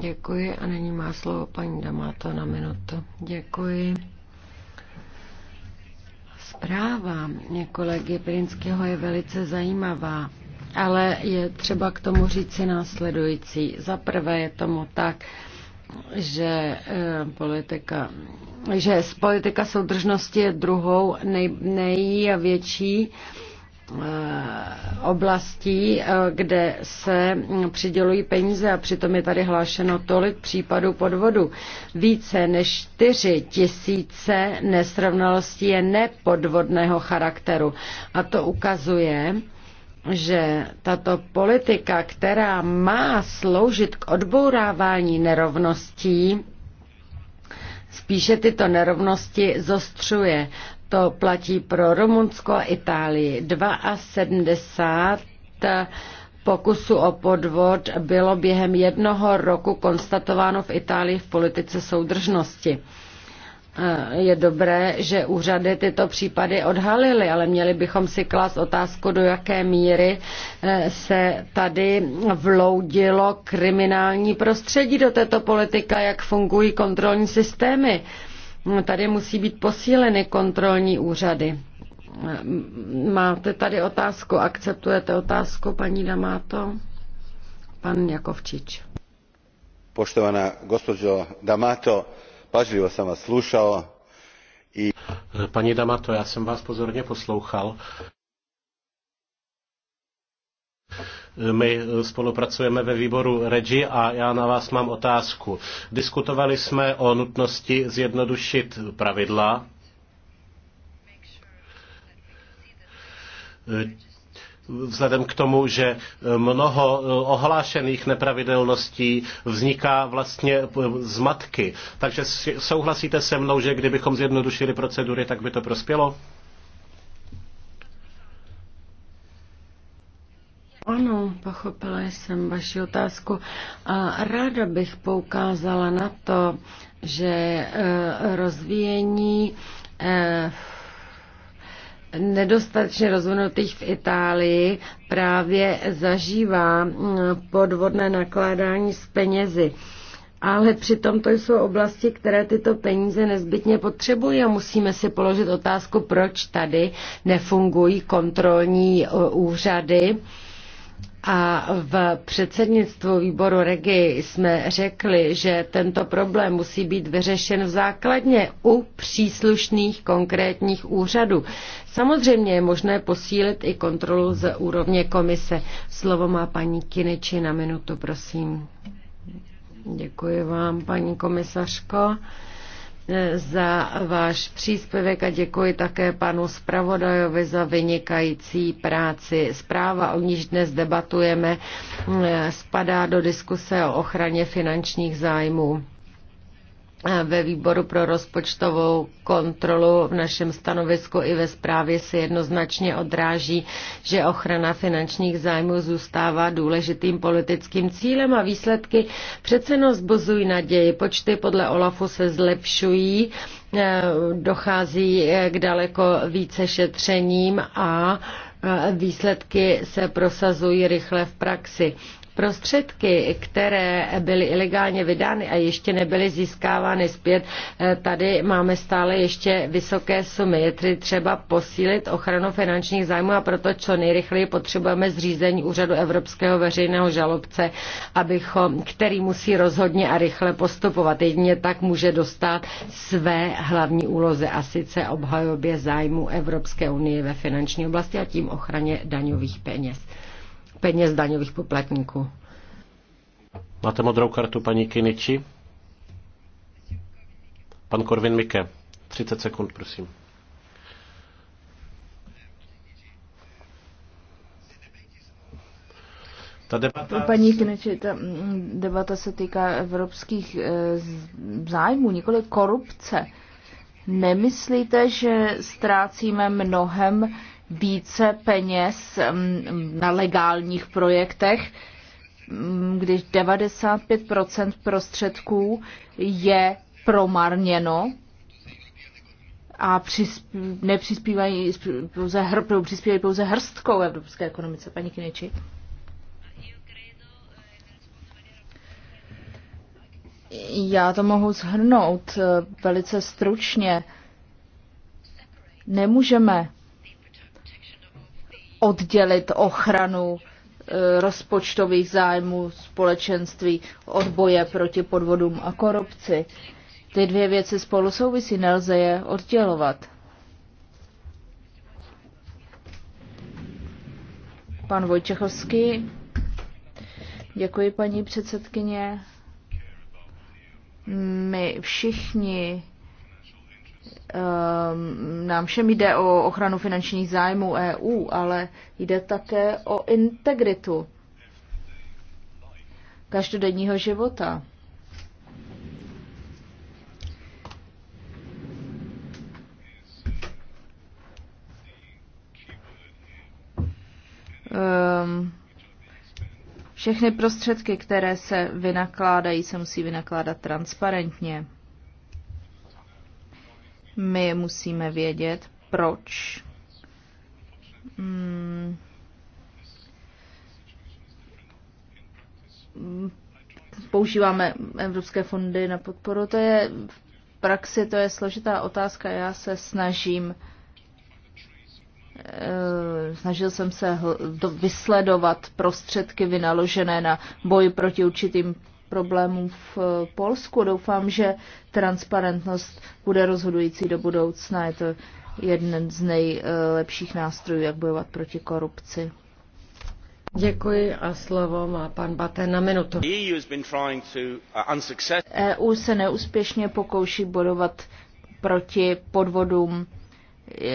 Děkuji a není má slovo paní Damáto na minutu. Děkuji. Zpráva kolegy Brinského je velice zajímavá ale je třeba k tomu říci následující. Za prvé je tomu tak, že eh, politika, že z politika soudržnosti je druhou nej, největší eh, oblastí, eh, kde se hm, přidělují peníze a přitom je tady hlášeno tolik případů podvodu. Více než 4 tisíce nesrovnalostí je nepodvodného charakteru. A to ukazuje, že tato politika, která má sloužit k odbourávání nerovností, spíše tyto nerovnosti zostřuje. To platí pro Rumunsko a Itálii. 72 pokusu o podvod bylo během jednoho roku konstatováno v Itálii v politice soudržnosti. Eh, je dobré, že úřady tyto případy odhalily, ale měli bychom si klást otázku, do jaké míry eh, se tady vloudilo kriminální prostředí do této politika, jak fungují kontrolní systémy. Eh, tady musí být posíleny kontrolní úřady. Máte tady otázku, akceptujete otázku, paní Damato? Pan Jakovčič. Poštovaná gospodžo Damato, pažljivo sam vas slušao i... Paní Damato, já jsem vás pozorně poslouchal. My spolupracujeme ve výboru REGI a já na vás mám otázku. Diskutovali jsme o nutnosti zjednodušit pravidla vzhledem k tomu, že e, mnoho e, ohlášených nepravidelností vzniká vlastně e, z matky. Takže souhlasíte se mnou, že kdybychom zjednodušili procedury, tak by to prospělo? Ano, pochopila jsem vaši otázku a ráda bych poukázala na to, že rozvíjení nedostatečně rozvinutých v Itálii právě zažívá mm, podvodné nakládání s penězi. Ale přitom to jsou oblasti, které tyto peníze nezbytně potřebují a musíme si položit otázku, proč tady nefungují kontrolní e, úřady a v předsednictvu výboru Regi jsme řekli, že tento problém musí být vyřešen v základně u příslušných konkrétních úřadů. Samozřejmě je možné posílit i kontrolu ze úrovně komise. Slovo má paní Kineči na minutu, prosím. Děkuji vám, paní komisařko za váš příspěvek a děkuji také panu zpravodajovi za vynikající práci. Zpráva, o níž dnes debatujeme, spadá do diskuse o ochraně finančních zájmů ve výboru pro rozpočtovou kontrolu v našem stanovisku i ve zprávě se jednoznačně odráží, že ochrana finančních zájmů zůstává důležitým politickým cílem a výsledky přece nozbozují naději. Počty podle OLAFu se zlepšují, e, dochází e, k daleko více šetřením a e, výsledky se prosazují rychle v praxi. Prostředky, které byly ilegálně vydány a ještě nebyly získávány zpět, eh, tady máme stále ještě vysoké sumy. Je tedy třeba posílit ochranu finančních zájmů a proto co nejrychleji potřebujeme zřízení úřadu Evropského veřejného žalobce, abychom, který musí rozhodně a rychle postupovat. Jedině tak může dostat své hlavní úloze a sice obhajobě zájmu Evropské unie ve finanční oblasti a tím ochraně daňových peněz peněz daňových poplatníků. Máte modrou kartu, paní Kiniči? Pan Korvin Mike, 30 sekund, prosím. Ta debata... Paní Kineči, ta mm, debata se týká evropských e, zájmů, nikoli korupce. Nemyslíte, že ztrácíme mnohem více peněz mm, na legálních projektech, mm, když 95 prostředků je promarněno a nepřispívají pouze, hr, přispívají pouze hrstkou evropské ekonomice. Paní Kineči. Já to mohu zhrnout eh, velice stručně. Nemůžeme oddělit ochranu e, rozpočtových zájmů společenství od boje proti podvodům a korupci. Ty dvě věci spolu souvisí, nelze je oddělovat. Pan Vojčechovský. Děkuji, paní předsedkyně. My všichni Ehm, nám všem jde o ochranu finančních zájmů EU, ale jde také o integritu každodenního života. Um, všechny prostředky, které se vynakládají, se musí vynakládat transparentně. My musíme vědět, proč. Hmm. Používáme evropské fondy na podporu. To je v praxi to je složitá otázka. Já se snažím eh, snažil jsem se vysledovat prostředky vynaložené na boj proti určitým problémů v Polsku. Doufám, že transparentnost bude rozhodující do budoucna. Je to jeden z nejlepších nástrojů, jak bojovat proti korupci. Děkuji a slovo má pan Baten na minutu. EU uh, e se neúspěšně pokouší bodovat proti podvodům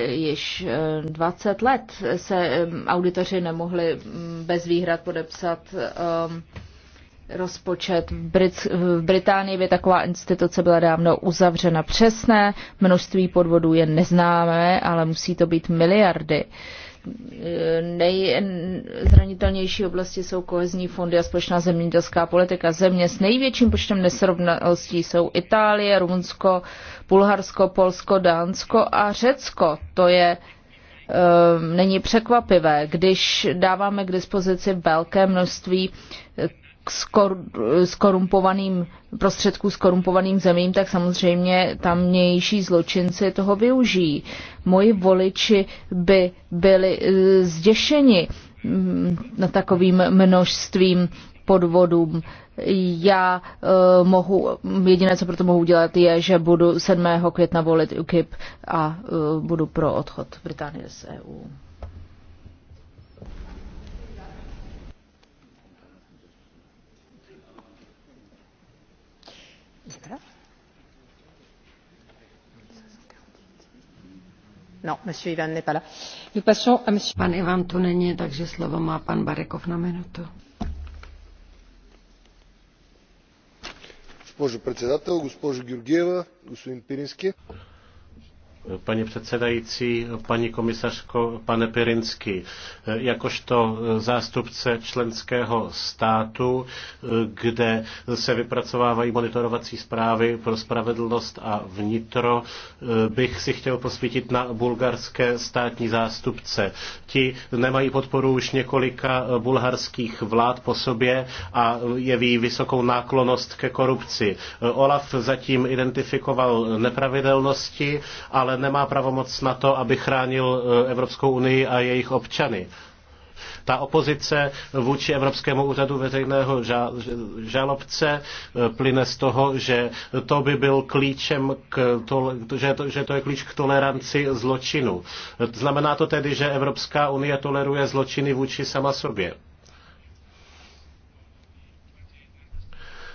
již 20 eh, let se eh, auditoři nemohli mm, bez výhrad podepsat eh, rozpočet. Brit, v Británii by taková instituce byla dávno uzavřena. Přesné množství podvodů je neznámé, ale musí to být miliardy. Nejzranitelnější oblasti jsou kohezní fondy a společná zemědělská politika. Země s největším počtem nesrovnalostí jsou Itálie, Rumunsko, Bulharsko, Polsko, Dánsko a Řecko. To je ehm, není překvapivé, když dáváme k dispozici velké množství skor, skorumpovaným prostředků skorumpovaným zemím, tak samozřejmě tamnější zločinci toho využijí. Moji voliči by byli eh, zděšeni mm, na takovým množstvím podvodům. Já uh, mohu, jediné, co proto mohu udělat, je, že budu 7. května volit UKIP a uh, budu pro odchod Británie z EU. No, monsieur Pan Ivan tu není, takže slovo má pan Barekov na minutu. Госпожо председател, госпожо Georgieva, господин Пирински. Paní předsedající, paní komisařko, pane Pirinsky, jakožto zástupce členského státu, kde se vypracovávají monitorovací zprávy pro spravedlnost a vnitro, bych si chtěl posvítit na bulgarské státní zástupce. Ti nemají podporu už několika bulharských vlád po sobě a jeví vysokou náklonost ke korupci. Olaf zatím identifikoval nepravidelnosti, ale ale nemá pravomoc na to, aby chránil eh, Evropskou unii a jejich občany. Ta opozice vůči Evropskému úřadu veřejného žalobce eh, plyne z toho, že to by byl klíčem, k to, že, to, že to je klíč k toleranci zločinu. Znamená to tedy, že Evropská unie toleruje zločiny vůči sama sobě.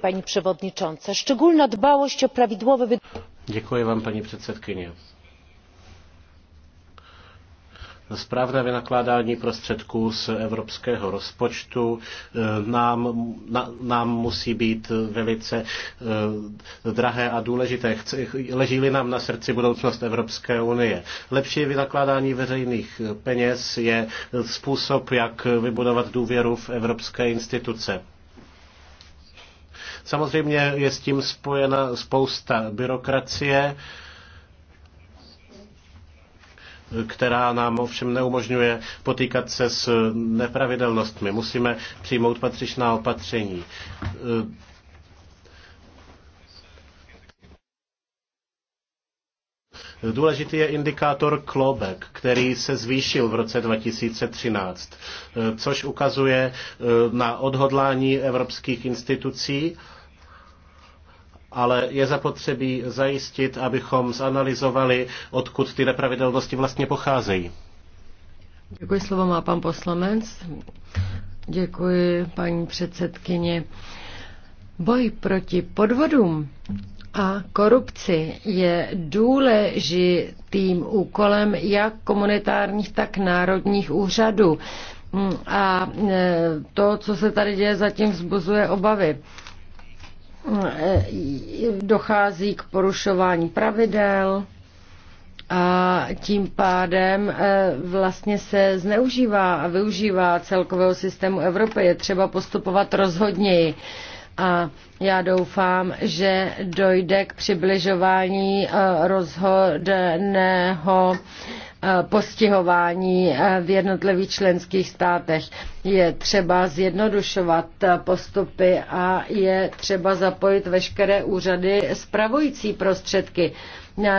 pani předsedající szczególna dbałość o prawidłowe wydatkowanie Správné vynakládání prostředků z evropského rozpočtu eh, nám, na, nám musí být velice eh, drahé a důležité. Leží-li nám na srdci budoucnost Evropské unie. Lepší vynakládání veřejných peněz je způsob, jak vybudovat důvěru v evropské instituce Samozřejmě je s tím spojena spousta byrokracie, která nám ovšem neumožňuje potýkat se s nepravidelnostmi. Musíme přijmout patřičná opatření. Důležitý je indikátor klobek, který se zvýšil v roce 2013, což ukazuje eh, na odhodlání evropských institucí ale je zapotřebí zajistit, abychom zanalizovali, odkud ty nepravidelnosti vlastně pocházejí. Děkuji, slovo má pan poslanec. Děkuji, paní předsedkyně. Boj proti podvodům a korupci je důležitým úkolem jak komunitárních, tak národních úřadů. A e, to, co se tady děje, zatím vzbuzuje obavy dochází k porušování pravidel a tím pádem eh, vlastně se zneužívá a využívá celkového systému Evropy. Je třeba postupovat rozhodněji a já doufám, že dojde k přibližování eh, rozhodného Eh, postihování eh, v jednotlivých členských státech. Je třeba zjednodušovat eh, postupy a je třeba zapojit veškeré úřady spravující prostředky.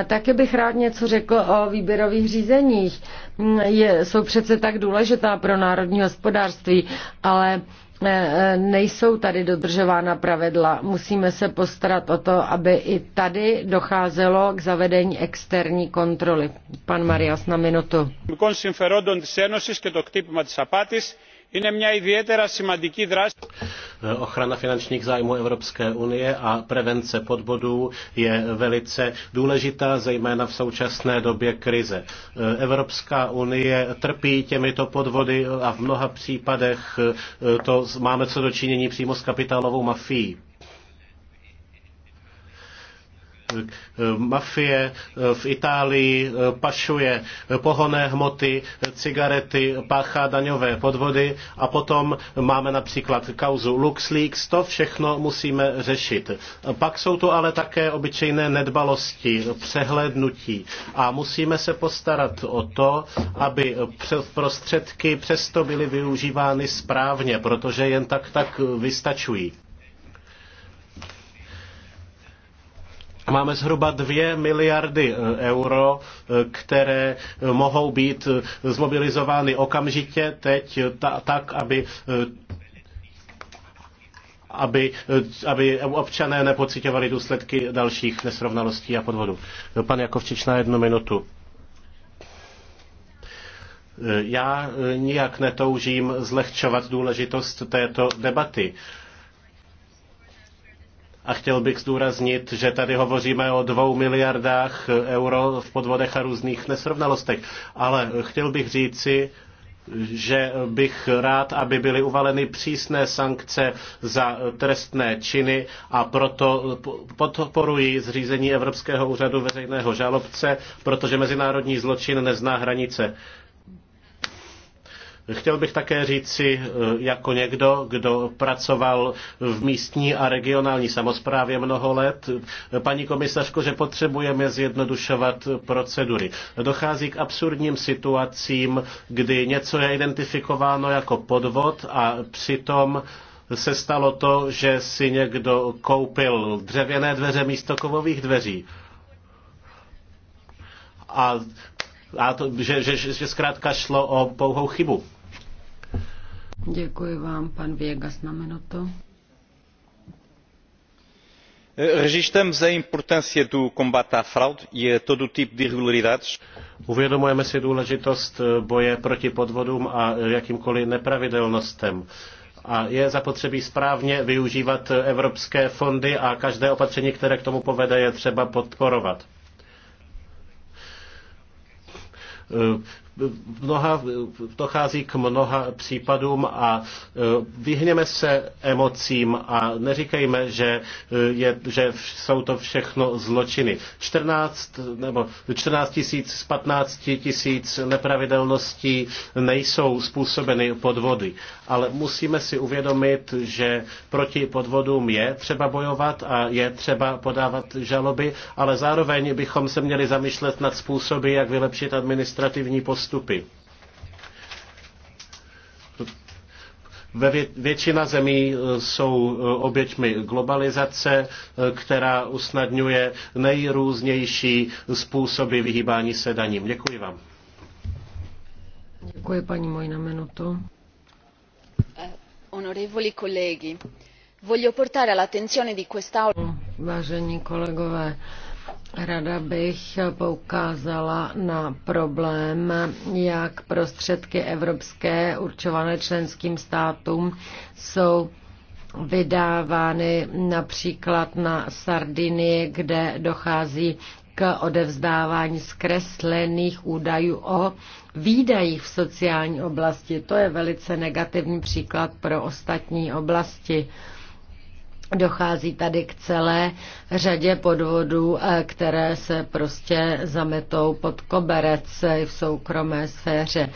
Taky bych rád něco řekl o výběrových řízeních. Mm, je, jsou přece tak důležitá pro národní hospodářství, ale Eh, nejsou tady dodržována pravidla. Musíme se postarat o to, aby i tady docházelo k zavedení externí kontroly. Pan Marias na minutu. Eh, ochrana finančních zájmů Evropské unie a prevence podvodů je velice důležitá, zejména v současné době krize. Eh, Evropská unie trpí těmito podvody a v mnoha případech eh, to máme co dočinění přímo s kapitálovou mafií. Eh, mafie eh, v Itálii eh, pašuje pohonné hmoty, cigarety, páchá daňové podvody a potom máme například kauzu LuxLeaks. To všechno musíme řešit. Pak jsou tu ale také obyčejné nedbalosti, přehlédnutí a musíme se postarat o to, aby prostředky přesto byly využívány správně, protože jen tak tak vystačují. Máme zhruba 2 miliardy eh, euro, eh, které eh, mohou být zmobilizovány okamžitě teď tak, aby aby, aby občané nepocitovali důsledky dalších nesrovnalostí a podvodů. Pan Jakovčič na jednu minutu. Já nijak netoužím zlehčovat důležitost této debaty a chtěl bych zdůraznit, že tady hovoříme o dvou miliardách euro v podvodech a různých nesrovnalostech. Ale chtěl bych říci, že bych rád, aby byly uvaleny přísné sankce za trestné činy a proto podporuji zřízení Evropského úřadu veřejného žalobce, protože mezinárodní zločin nezná hranice. Chtěl bych také říci, eh, jako někdo, kdo pracoval v místní a regionální samozprávě mnoho let, eh, paní komisařko, že potřebujeme zjednodušovat procedury. Dochází k absurdním situacím, kdy něco je identifikováno jako podvod a přitom se stalo to, že si někdo koupil dřevěné dveře místo kovových dveří. A a to, že, že, že zkrátka šlo o pouhou chybu. Děkuji vám, pan Věgas, na minutu. Registramos a importância do combate à fraude e a todo tipo de irregularidades. Uvědomujeme si důležitost eh, boje proti podvodům a eh, jakýmkoliv nepravidelnostem a je zapotřebí správně využívat eh, evropské fondy a každé opatření, které k tomu povede, je třeba podporovat uh, mnoha, dochází k mnoha případům a e, vyhněme se emocím a neříkejme, že, e, je, že jsou to všechno zločiny. 14, nebo 14 tisíc z 15 tisíc nepravidelností nejsou způsobeny podvody, ale musíme si uvědomit, že proti podvodům je třeba bojovat a je třeba podávat žaloby, ale zároveň bychom se měli zamýšlet nad způsoby, jak vylepšit administrativní postupy postupy. Ve vě, většina zemí e, jsou e, oběťmi globalizace, e, která usnadňuje nejrůznější způsoby vyhýbání se daním. Děkuji vám. Děkuji paní moji na minutu. Eh, onorevoli colleghi, voglio portare all'attenzione di quest'Aula. Vážení kolegové, Rada bych poukázala na problém, jak prostředky evropské určované členským státům jsou vydávány například na Sardinii, kde dochází k odevzdávání zkreslených údajů o výdajích v sociální oblasti. To je velice negativní příklad pro ostatní oblasti. Dochází tady k celé řadě podvodů, eh, které se prostě zametou pod koberec eh, v soukromé sféře.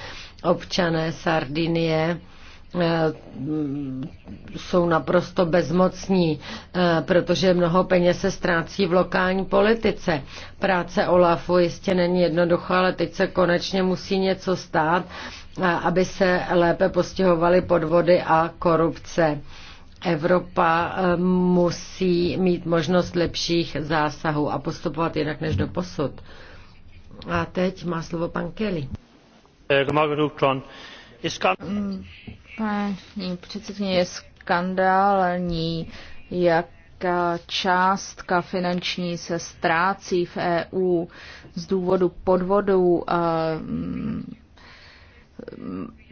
Občané Sardinie eh, mm, jsou naprosto bezmocní, protože mnoho peněz se ztrácí v lokální politice. Práce Olafu jistě není jednoduchá, ale teď se konečně musí něco stát, aby se lépe postihovaly podvody a korupce Evropa eh, musí mít možnost lepších zásahů a postupovat jinak než do posud. A teď má slovo pan Kelly. Paní předsedkyně, je skandální, jaká částka finanční se ztrácí v EU z důvodu podvodů a mm,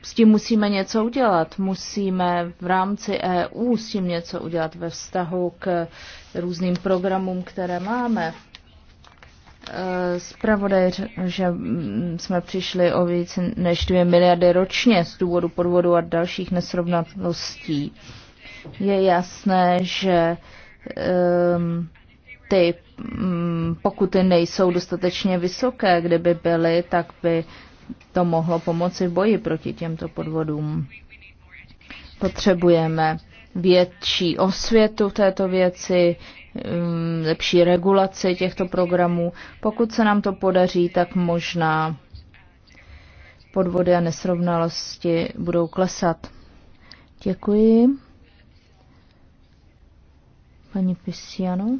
s tím musíme něco udělat. Musíme v rámci EU s tím něco udělat ve vztahu k různým programům, které máme. E, zpravodaj, že mm, jsme přišli o víc než 2 miliardy ročně z důvodu podvodu a dalších nesrovnatelností. Je jasné, že um, ty um, pokuty nejsou dostatečně vysoké. Kdyby byly, tak by to mohlo pomoci v boji proti těmto podvodům. Potřebujeme větší osvětu v této věci, mm, lepší regulaci těchto programů. Pokud se nám to podaří, tak možná podvody a nesrovnalosti budou klesat. Děkuji. Paní Pisiano.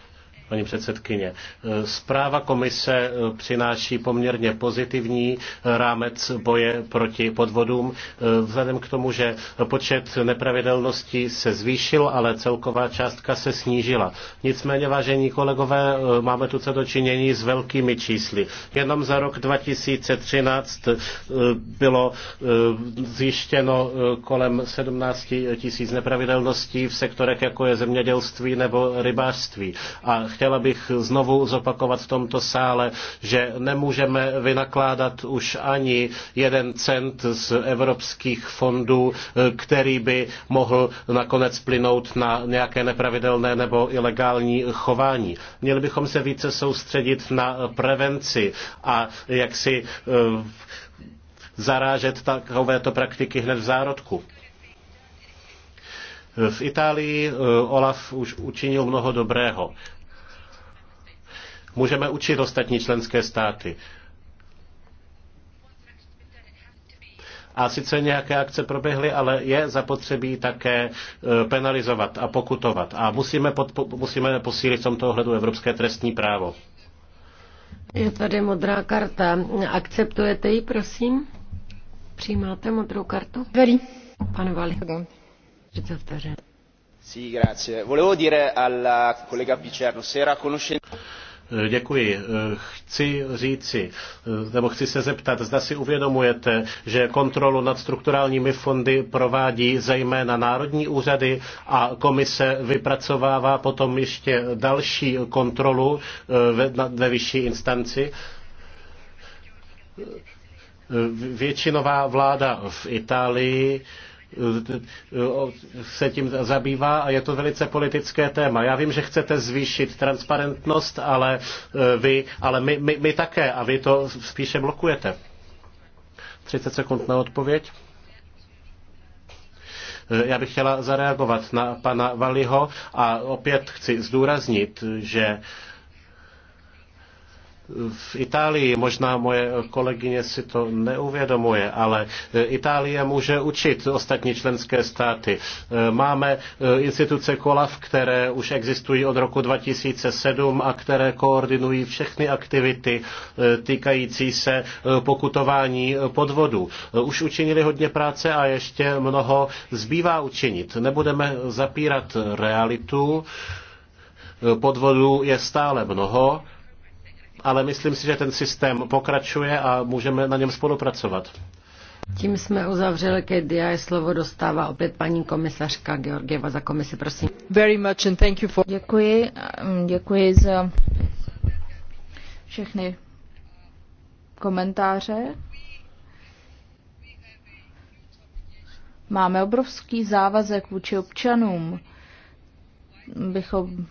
paní předsedkyně. Eh, zpráva komise eh, přináší poměrně pozitivní eh, rámec boje proti podvodům, vzhledem k tomu, že počet nepravidelností se zvýšil, ale celková částka se snížila. Nicméně, vážení kolegové, máme tu co dočinění s velkými čísly. Jenom za rok 2013 bylo zjištěno kolem 17 tisíc nepravidelností v sektorech, jako je zemědělství nebo rybářství. A chtěla bych znovu zopakovat v tomto sále, že nemůžeme vynakládat už ani jeden cent z evropských fondů, který by mohl nakonec plynout na nějaké nepravidelné nebo ilegální chování. Měli bychom se více soustředit na prevenci a jak si eh, zarážet takovéto praktiky hned v zárodku. V Itálii eh, Olaf už učinil mnoho dobrého. Můžeme učit ostatní členské státy. A sice nějaké akce proběhly, ale je zapotřebí také e, penalizovat a pokutovat. A musíme, podpo- musíme posílit v tomto ohledu evropské trestní právo. Je tady modrá karta. Akceptujete ji, prosím? Přijímáte modrou kartu? Verí. Pane Vali. 30 Sì, grazie. Volevo dire alla collega Picerno se era conoscente Děkuji. Eh, chci říci, eh, nebo chci se zeptat, zda si uvědomujete, že kontrolu nad strukturálními fondy provádí zejména národní úřady a komise vypracovává potom ještě další kontrolu eh, ve, ve vyšší instanci většinová vláda v Itálii se tím zabývá a je to velice politické téma. Já vím, že chcete zvýšit transparentnost, ale eh, vy, ale my, my, my také a vy to spíše blokujete. 30 sekund na odpověď. Eh, já bych chtěla zareagovat na pana Valiho a opět chci zdůraznit, že v Itálii, možná moje kolegyně si to neuvědomuje, ale e, Itálie může učit ostatní členské státy. E, máme e, instituce KOLAV, které už existují od roku 2007 a které koordinují všechny aktivity týkající se pokutování podvodů. Už učinili hodně práce a ještě mnoho zbývá učinit. Nebudeme zapírat realitu, podvodů je stále mnoho ale myslím si, že ten systém pokračuje a můžeme na něm spolupracovat. Tím jsme uzavřeli je Slovo dostává opět paní komisařka Georgieva za komisi, prosím. Very much and thank you for... Děkuji, mm, děkuji za všechny komentáře. Máme obrovský závazek vůči občanům. Bychom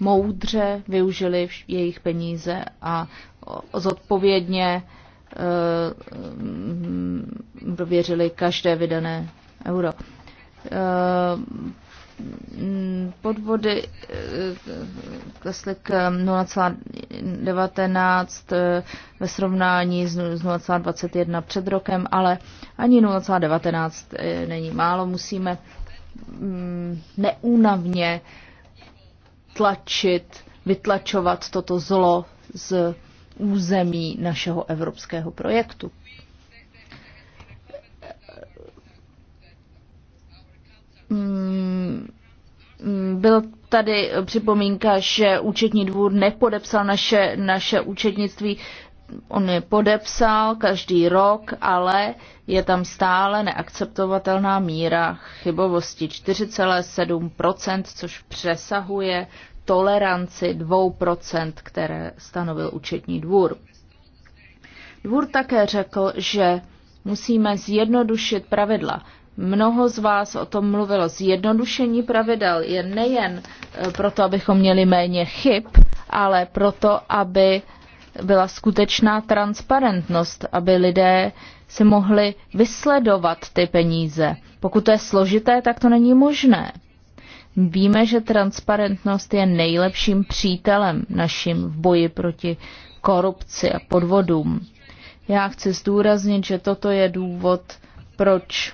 moudře využili jejich peníze a zodpovědně dověřili eh, mm, každé vydané euro. Eh, mm, podvody klesly k 0,19 ve srovnání s 0,21 před rokem, ale ani 0,19 eh, není málo. Musíme mm, neúnavně tlačit, vytlačovat toto zlo z území našeho evropského projektu. Mm, Byl tady připomínka, že účetní dvůr nepodepsal naše, naše účetnictví on je podepsal každý rok, ale je tam stále neakceptovatelná míra chybovosti 4,7%, což přesahuje toleranci 2%, které stanovil účetní dvůr. Dvůr také řekl, že musíme zjednodušit pravidla. Mnoho z vás o tom mluvilo. Zjednodušení pravidel je nejen eh, proto, abychom měli méně chyb, ale proto, aby byla skutečná transparentnost, aby lidé si mohli vysledovat ty peníze. Pokud to je složité, tak to není možné. Víme, že transparentnost je nejlepším přítelem naším v boji proti korupci a podvodům. Já chci zdůraznit, že toto je důvod, proč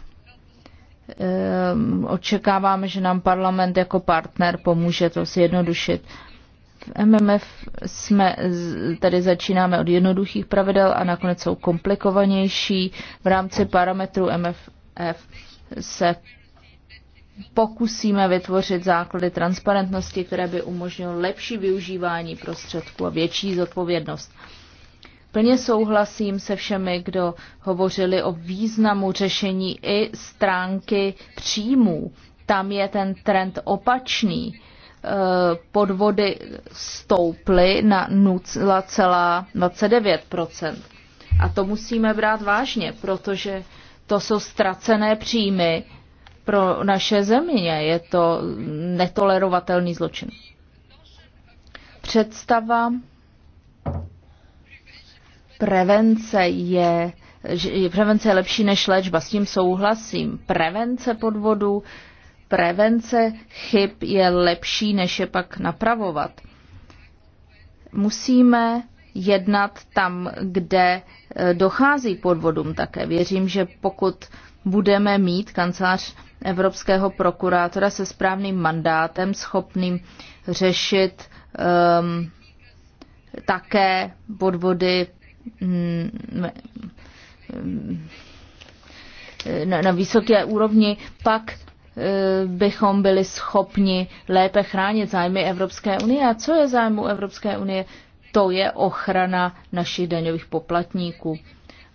ehm, očekáváme, že nám parlament jako partner pomůže to zjednodušit. V MMF jsme, tady začínáme od jednoduchých pravidel a nakonec jsou komplikovanější. V rámci parametru MFF se pokusíme vytvořit základy transparentnosti, které by umožnilo lepší využívání prostředků a větší zodpovědnost. Plně souhlasím se všemi, kdo hovořili o významu řešení i stránky příjmů. Tam je ten trend opačný Eh, podvody stouply na 0,29 A to musíme brát vážně, protože to jsou ztracené příjmy pro naše země. Je to netolerovatelný zločin. Představa prevence je, že prevence je lepší než léčba, s tím souhlasím. Prevence podvodu prevence chyb je lepší, než je pak napravovat. Musíme jednat tam, kde eh, dochází podvodům také. Věřím, že pokud budeme mít kancelář evropského prokurátora se správným mandátem, schopným řešit um, také podvody um, na, na vysoké úrovni, pak Eh, bychom byli schopni lépe chránit zájmy Evropské unie. A co je zájmu Evropské unie? To je ochrana našich daňových poplatníků.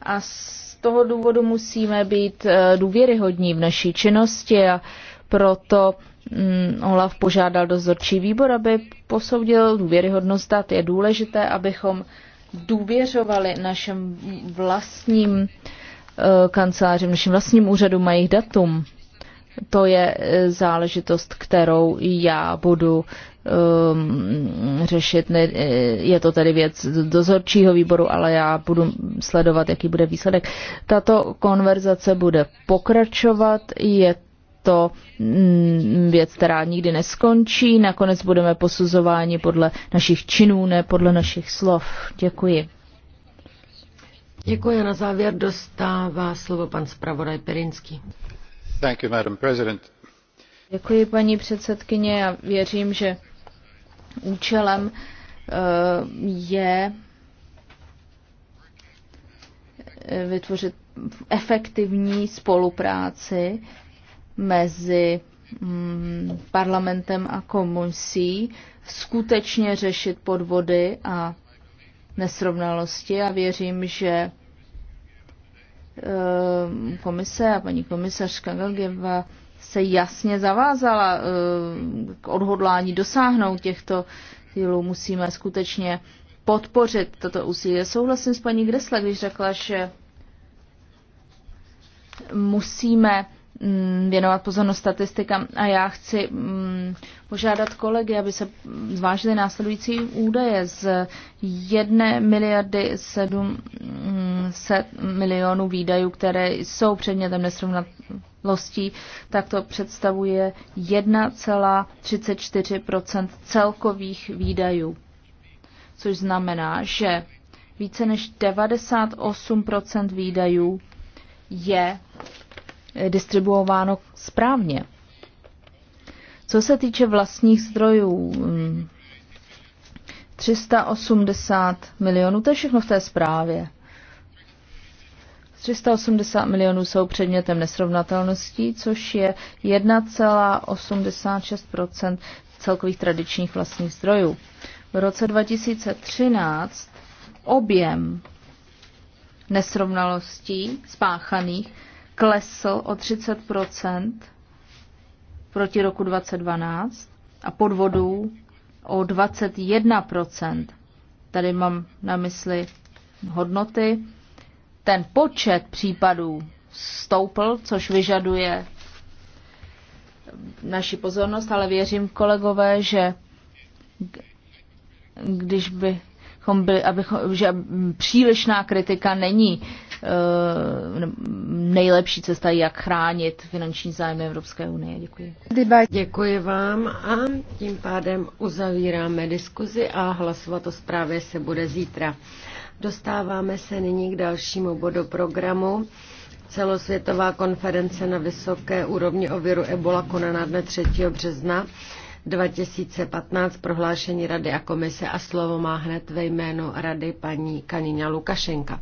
A z toho důvodu musíme být eh, důvěryhodní v naší činnosti a proto mm, Olaf požádal dozorčí výbor, aby posoudil důvěryhodnost dat. Je důležité, abychom důvěřovali našem vlastním eh, kancelářím, našim vlastním úřadům a jejich datům. To je eh, záležitost, kterou já budu um, řešit. Eh, je to tedy věc dozorčího výboru, ale já budu sledovat, jaký bude výsledek. Tato konverzace bude pokračovat. Je to mm, věc, která nikdy neskončí. Nakonec budeme posuzováni podle našich činů, ne podle našich slov. Děkuji. Děkuji. Na závěr dostává slovo pan zpravodaj Perinský. Děkuji, paní předsedkyně. Já věřím, že účelem eh, je eh, vytvořit efektivní spolupráci mezi mm, parlamentem a komisí, skutečně řešit podvody a nesrovnalosti a věřím, že Eh, komise a paní komisařka Galgeva se jasně zavázala eh, k odhodlání dosáhnout těchto cílů. Musíme skutečně podpořit toto úsilí. Souhlasím s paní Gresle, když řekla, že musíme Mm, věnovat pozornost statistikám a já chci mm, požádat kolegy, aby se zvážili následující údaje z 1 miliardy 700 mm, milionů výdajů, které jsou předmětem nesrovnalostí, tak to představuje 1,34 celkových výdajů. Což znamená, že více než 98 výdajů je distribuováno správně. Co se týče vlastních zdrojů, 380 mm, milionů, to je všechno v té zprávě. 380 milionů jsou předmětem nesrovnatelností, což je 1,86 celkových tradičních vlastních zdrojů. V roce 2013 objem nesrovnalostí spáchaných klesl o 30 proti roku 2012 a podvodů o 21 Tady mám na mysli hodnoty. Ten počet případů stoupl, což vyžaduje naši pozornost, ale věřím, kolegové, že když bychom byli, abychom, že přílišná kritika není Eh, nejlepší cesta, jak chránit finanční zájmy Evropské unie. Děkuji. Děkuji vám a tím pádem uzavíráme diskuzi a hlasovat o zprávě se bude zítra. Dostáváme se nyní k dalšímu bodu programu. Celosvětová konference na vysoké úrovni o viru Ebola konaná dne 3. března 2015 prohlášení Rady a komise a slovo má hned ve jménu Rady paní Kanina Lukašenka.